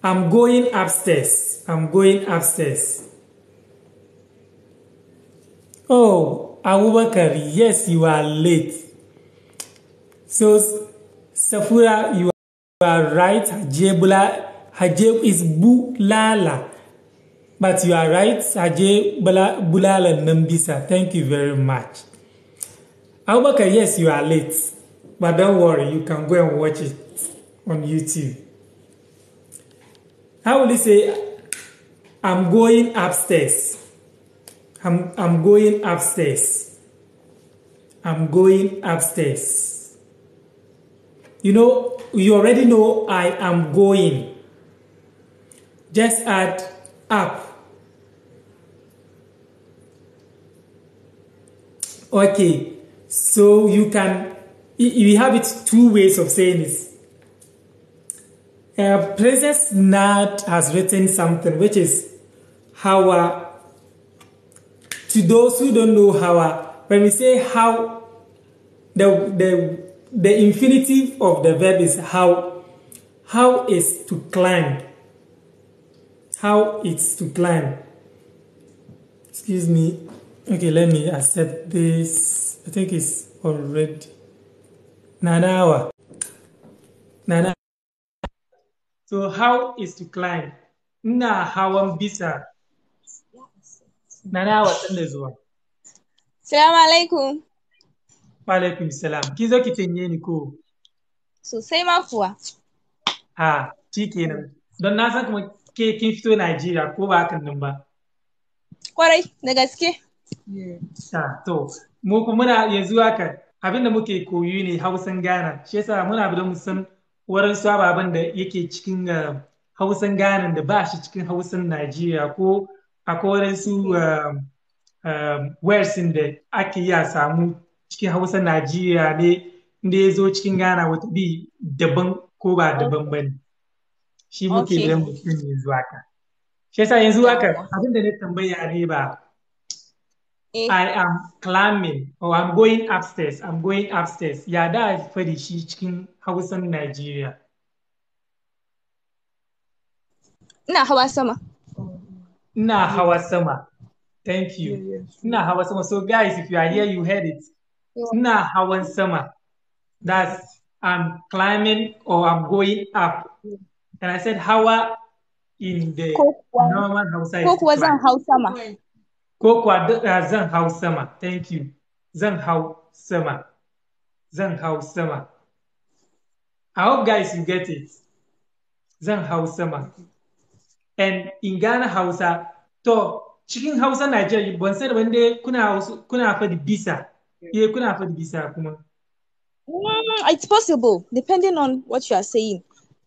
I'm going upstairs. I'm going upstairs. Oh, Abubakar, yes, you are late. So, Safura, you are right. Hajebula, Hajeb is Bulala. But you are right, Hajebula Bulala Nambisa. Thank you very much. Abubakar, yes, you are late, but don't worry, you can go and watch it on YouTube. How will you say, I'm going upstairs? I'm, I'm going upstairs. I'm going upstairs. You know, you already know I am going. Just add up. Okay. So you can, we have it two ways of saying this. Uh, Princess Nat has written something which is how, to those who don't know how, when we say how, the, the, the infinitive of the verb is how. How is to climb. How it's to climb. Excuse me. Okay, let me accept this. I think it's already. Nanawa. Nana. So how is to climb? Ina hawan bisa. Nanawa ɗan da zuwa. Salamu alaikum. Wa alaikum salam. Ki zo ki tanye ni ko? Sosai ma kuwa. Ah, shi kenan. Don na san kuma ke kin fito Najeriya ko ba hakan nan ba. Kwarai, da gaske. Yeah. to, mu kuma muna yanzu haka abin da muke koyi ne hausan ghana shi yasa muna da mu san wurin sababan da yake cikin eh, hausan ghana da ba shi cikin hausan najeriya ko akwai wurin su wersin da ake yi a samu cikin hausan najeriya ne inda ya zo cikin ghana wata bi daban ko ba daban ba ne shi muke da mutum yanzu haka shi yasa yanzu haka abin da na tambaya ne ba Eh? I am climbing or oh, I'm going upstairs. I'm going upstairs. Yeah, for the chicken house in Nigeria. Nah, how was summer? Nah, how was summer? Thank you. how was summer? So guys, if you are here, you heard it. how was summer? That's I'm climbing or I'm going up. And I said hawa in the Cook normal Hausa. Cook was on summer. ko kuwa daɗa zan hau sama thank you zan hau sama zan hau sama i hope guys you get it zan hau sama and in Ghana Hausa to cikin Hausa Nigeria ban san wanda kuna kuna faɗi bisa eh kuna faɗi bisa kuma mm, it's possible depending on what you are saying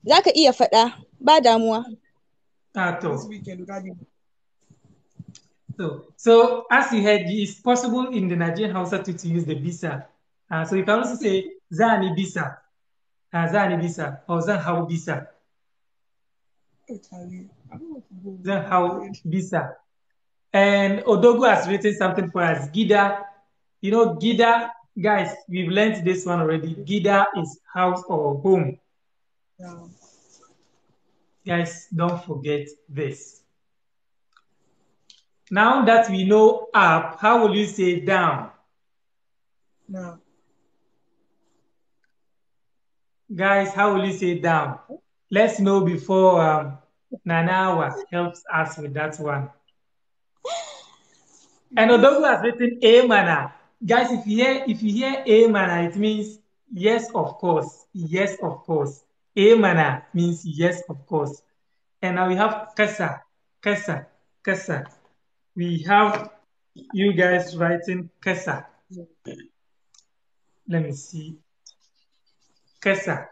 zaka iya faɗa ba damuwa ah to So, so as you heard, it's possible in the Nigerian Hausa to, to use the visa. Uh, so you can also say zani visa, uh, zani visa, or zan how bisa. visa. how And Odogu has written something for us. Gida, you know, Gida, guys, we've learned this one already. Gida is house or home. Yeah. Guys, don't forget this. Now that we know up, how will you say down? No. Guys, how will you say down? Let's know before um, Nanawa helps us with that one. And who has written a mana, Guys, if you hear if you hear a mana, it means yes, of course. Yes, of course. A mana means yes, of course. And now we have Kasa, Kasa, Kasa we have you guys writing Kesa. Let me see. Kesa.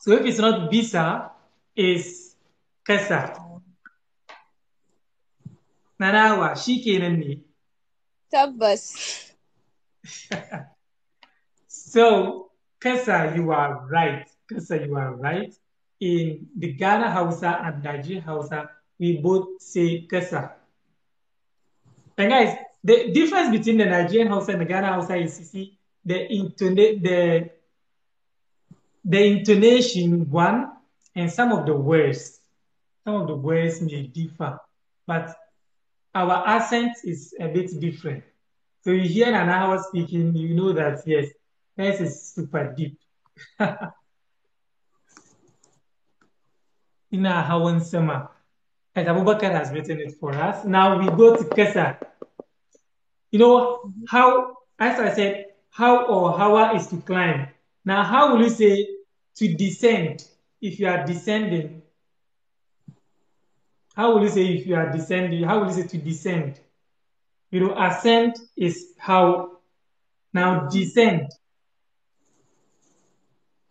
So if it's not Bisa, it's Kesa. Nanawa, shi kenan ne. so, Kesa, you are right. Kesa, you are right. In the Ghana Hausa and Niger Hausa, we both say Kesa. And guys, the difference between the Nigerian Hausa and the Ghana Hausa is you see the intona- the the intonation one and some of the words. Some of the words may differ, but our accent is a bit different. So you hear an hour speaking, you know that yes, this is super deep. Ina hawan summer and Abu Bakr has written it for us. Now we go to Kesa. You know how, as I said, how or how is to climb. Now, how will you say to descend if you are descending? How will you say if you are descending? How will you say to descend? You know, ascent is how. Now, descend.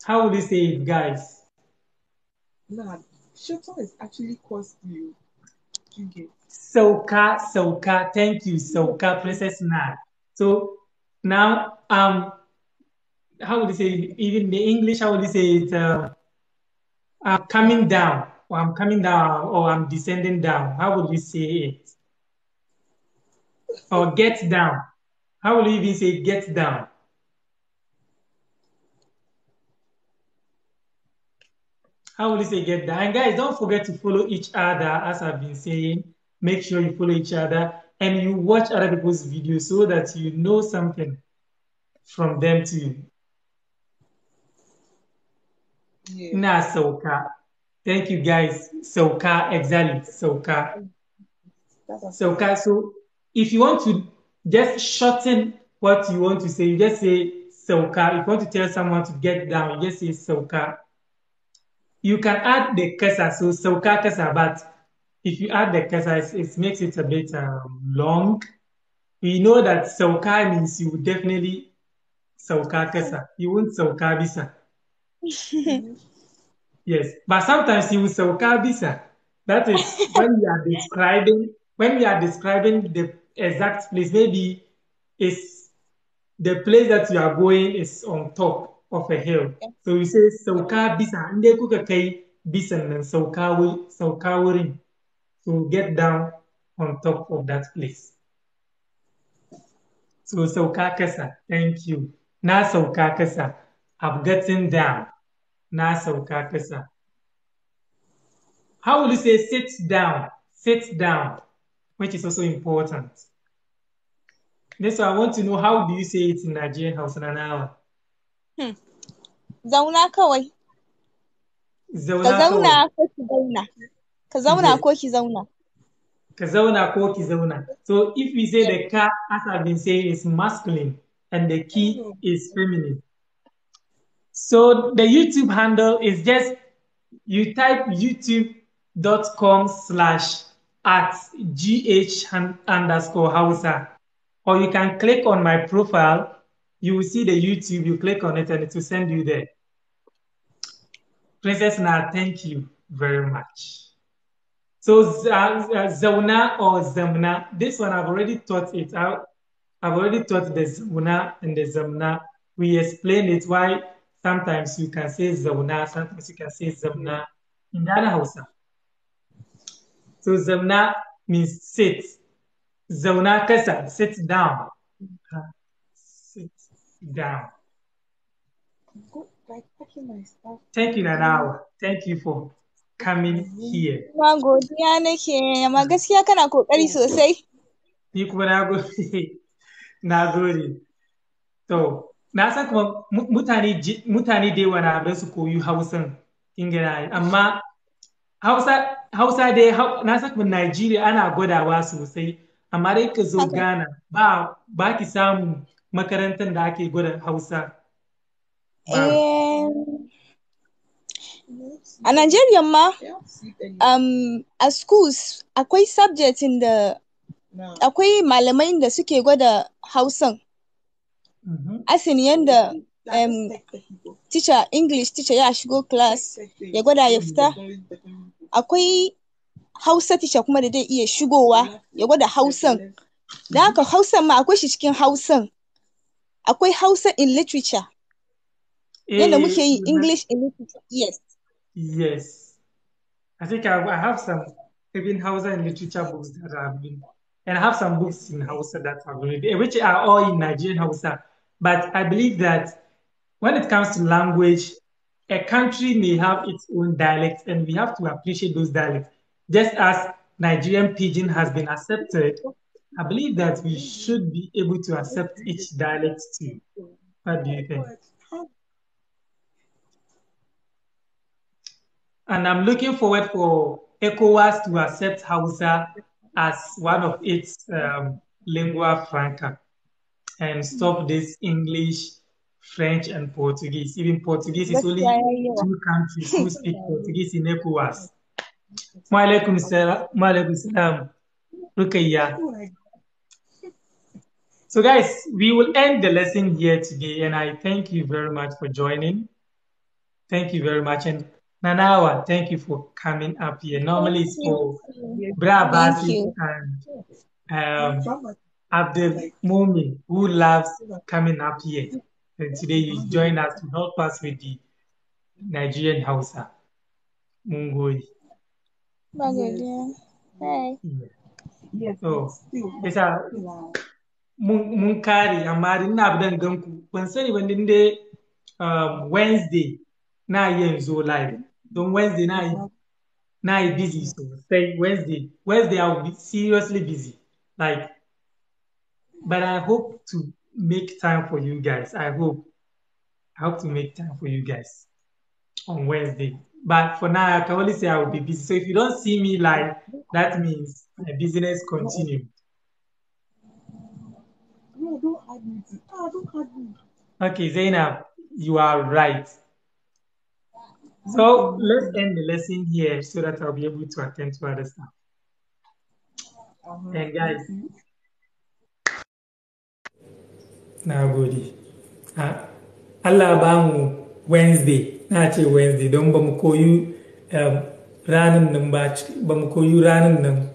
How will you say it, guys? Not Shuttle is actually cost You get. Soka, Soka, thank you, Soka, Princess Na. So now, um, how would you say, even the English, how would you say it? Uh, I'm coming down, or I'm coming down, or I'm descending down. How would you say it? Or get down. How would you even say get down? How will say get down? And guys, don't forget to follow each other, as I've been saying. Make sure you follow each other and you watch other people's videos so that you know something from them too. Yeah. Na Soka. Thank you guys. Soka, exactly. Soka. Soka. So if you want to just shorten what you want to say, you just say Soka. If you want to tell someone to get down, you just say Soka. You can add the kasa, so sauka kasa, but if you add the kasa, it, it makes it a bit um, long. We know that sauka means you definitely sauka kasa. You won't sauka bisa. yes, but sometimes you will sauka bisa. That is when we are describing when we are describing the exact place. Maybe it's the place that you are going is on top of a hill. So we say sauka bisa, inda kuka kai bisa nan sauka wurin to get down on top of that place. So sauka kasa, thank you. Na sauka kasa, I've gotten down. Na sauka kasa. How will you say sit down? Sit down, which is also important. Next, I want to know how do you say it in Nigerian Hausa an hour? zauna kawai ka zauna ko ki zauna ka zauna ko ki zauna ka zauna ko ki zauna so if we say the ka as i've been saying is masculine and the ki mm-hmm. is feminine so the youtube handle is just you type youtube.com slash at gh underscore hausa or you can click on my profile you will see the youtube you click on it and it will send you there Princess Na, thank you very much. So Zauna uh, uh, or Zamna, this one I've already taught it out. I've already taught the Zauna and the Zamna. We explained it why sometimes you can say Zauna, sometimes you can say Zamna in the other Hausa. So Zamna means sit. Zauna kasa, sit down. Uh, sit down. like packing my stuff. Taking an hour. Thank you for coming here. Ma godiya nake, amma gaskiya kana kokari sosai. Ni kuma na gode. Na gode. To, na san kuma mutane mutane da yawa na bai su koyi Hausan Ingila amma Hausa Hausa na san kuma Najeriya ana gwadawa sosai amma dai ka zo Ghana ba ba ki samu makarantar da ake gwada Hausa Eh, a Najeriya ma, um, a schools akwai in da akwai malamai da suke gwada Hausan. Mhm. Asin yadda um, teacher, English teacher ya shigo class ya gwada ya fita. Akwai Hausa teacher kuma da zai iya shigowa ya gwada Hausan. Da haka Hausan ma akwai shi cikin Hausan. Akwai Hausa in literature. Eh, English literature. Yes. Yes. I think I, I have some even Hausa and literature books that I've been, and I have some books in Hausa that I've read, which are all in Nigerian Hausa. But I believe that when it comes to language, a country may have its own dialects, and we have to appreciate those dialects. Just as Nigerian pidgin has been accepted, I believe that we should be able to accept each dialect too. What do you think? And I'm looking forward for ECOWAS to accept Hausa as one of its um, lingua franca and stop this English, French, and Portuguese. Even Portuguese is only two countries who speak Portuguese in ECOWAS. salam. So, guys, we will end the lesson here today, and I thank you very much for joining. Thank you very much. And Nanawa, thank you for coming up here. Normally it's for Bra and um, Abdel who loves coming up here. And today you join us to help us with the Nigerian Hausa. Mungoi. Bye. Yes. So, yasa mun kare amma ina um, Wednesday na yanzu live on Wednesday night, night busy. So say Wednesday, Wednesday I'll be seriously busy. Like, but I hope to make time for you guys. I hope, I hope to make time for you guys on Wednesday. But for now, I can only say I will be busy. So if you don't see me live, that means my business continues. No, don't add me. Ah, don't add me. Okay, Zainab, you are right. So let's end the lesson here so that I'll be able to attend to other stuff. And guys, na gode. Allah ba Wednesday, na ce Wednesday Don't mu koyu um, ranar nan ba, ba mu koyu ranar nan.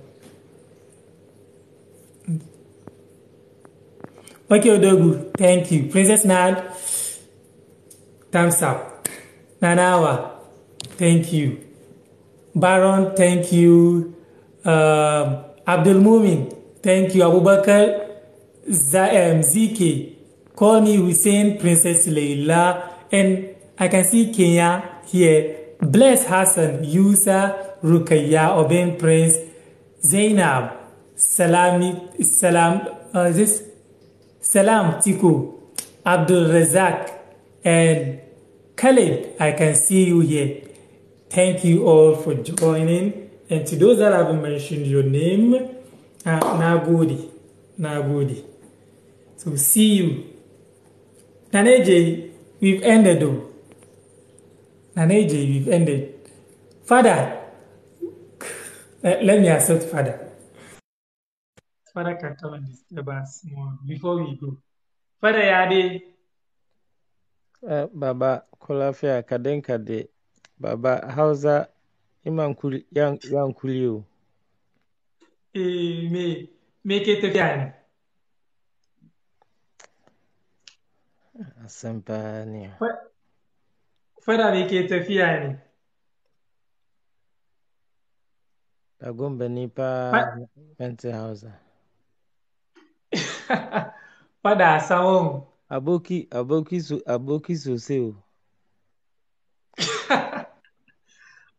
Okay, Odogu, thank you. Princess Nad, thumbs up. Nanawa thank you. Baron, thank you. Uh, Abdul Mumin, thank you. Abubakar ZK, um, call me Hussein Princess Leila. And I can see Kenya here. Bless Hassan, Yusa, Rukaya, Obin Prince, Zainab, Salami, Salam, uh, this, Salam Tiku, Abdul Razak, and Caleb. I can see you here. Thank you all for joining. And to those that haven't mentioned your name, uh, Nagodi. Nagodi. So see you. Naneje, we've ended though. Naneje, we've ended. Father, let, let me accept Father. Father can come and disturb us more before we go. Father yadi. Uh, Baba, Kolafia, de. Baba Hausa yan kuliyo. Eh me me ke tafiya ne? San me ke tafiya ne? ni fa Fenti Hausa. Fada sawon. Aboki aboki sosai o.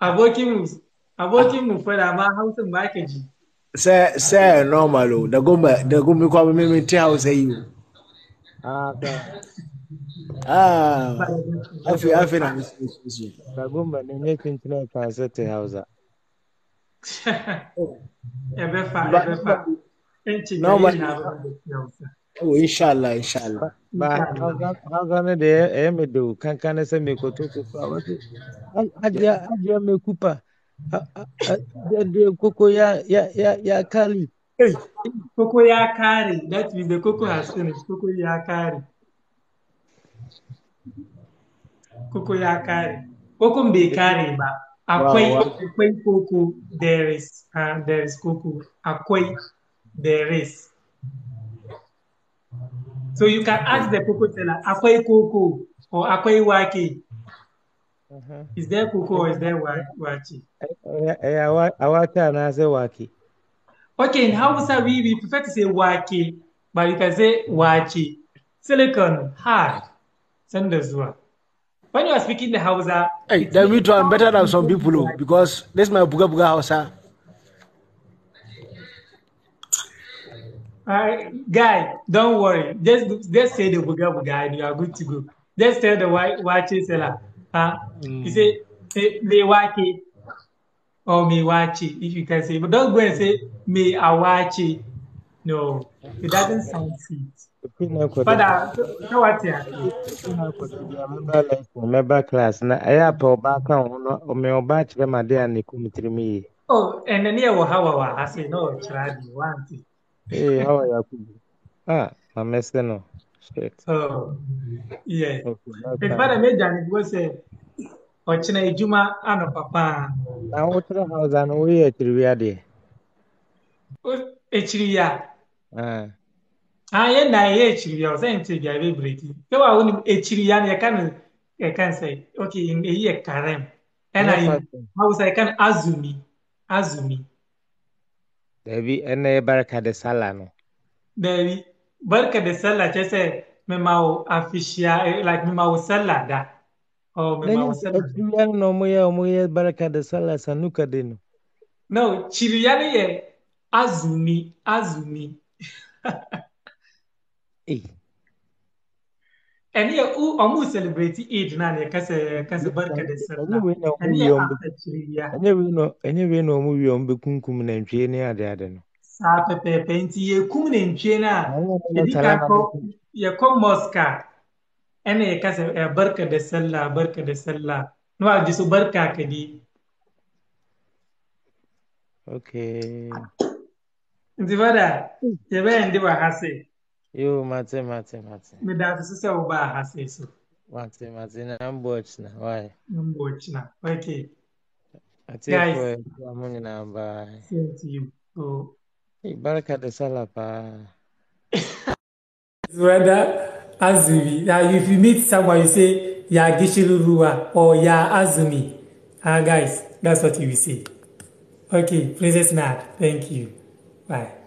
abokinmu fada ma hausin ba ka ji sai sai normal o da goma da goma kwa mai mai ta hausa yi ah ah afi afi na da goma ne ne kin tuna fa sai ta hausa ebe fa ebe fa in na ba Oh, insha. inshallah. Ba an zane da ya mai da kankan nasa mai kwato kufa wato ajiya mai kufa da koko ya kari. Koko ya kari, that means the koko has finished, koko ya kari. Koko ya kari, koko bai kari ba. Akwai akwai koko, there is, uh, there is koko. Akwai, there is. So you can ask the cocoa seller, Akwai cocoa or Akwai Waki. Uh-huh. Is there cocoa or is there waki? Eh, eh, Awaki and I say waki. Okay, in Hausa we, we prefer to say waki, but you can say waki. Silicon, hard, one. When you are speaking the Hausa, hey, then we try better than some people because this is my buga buga Hausa. All right, guy, don't worry. Just just say the buga buga, and you are good to go. Just tell the wachi seller. Huh? Mm. You say, me oh, me wachi or me wachi, if you can say. But don't go and say me awachi. No, it doesn't sound sweet. Father, so what here? Remember no, ɔmɛ ɔbaa kyerɛ mu adeɛ Oh, ɛnɛ ne yɛ wɔ Hey, how are you? Ah, I'm messing up. Shit. Oh, yeah. Okay, Father Major, it was a ọkyena edwuma ano papa. Na wotere house ano woyɛ akyiri wi adeɛ. Akyiri ya. Ah, ah yɛ na yɛ akyiri e ya ɔsɛ nti bia bebree ti. Sɛ wa wonim akyiri e ya no yɛka no yɛka sɛ okay eyi yɛ karem ɛna e yi hausa yɛka no azumi azumi. Dabi, ɛnna yɛ barika da sallah no. Dabi, barika da sallah kyɛ sɛ mema wo afihyia, eh, like me mema wo sallah da. Oh, mema wo sallah. Akyiriya no na ɔmo yɛ ɔmo yɛ da sallah sanuka de no. No, kyiriya no yɛ azumi, azumi. hey. ani ya u ɔmo celebrate eid na ne kasa kasa barka da sallah ɛne yɛ asakyiriya ɛne wei no ɛne wei no ɔmo wie ɔmo bekunkum nantwie ne ade ade no saa pɛpɛɛpɛ nti yɛkum nantwie no a yɛdi ka kɔ yɛkɔ mosque a yɛ kasa ɛ barka da sallah barka da sallah na wagye so barka ka di okay nti fada yɛbɛyɛ ndi wɔ ha se Yo, mate, mate, mate. Me da su sɛ wo baa ha sei so. Mate, mate, na mbɔ akyi na, Why? Na mbɔ akyi na, okay. Ate e ko ɛfua mo nyinaa baa. Same to you. Oh. Hey, baraka de sala paa. Whether Azumi, now if you meet someone, you say Ya gishiru Gishirurua or Ya Azumi. Ah, guys, that's what you will say. Okay, Princess Nad, thank you. Bye.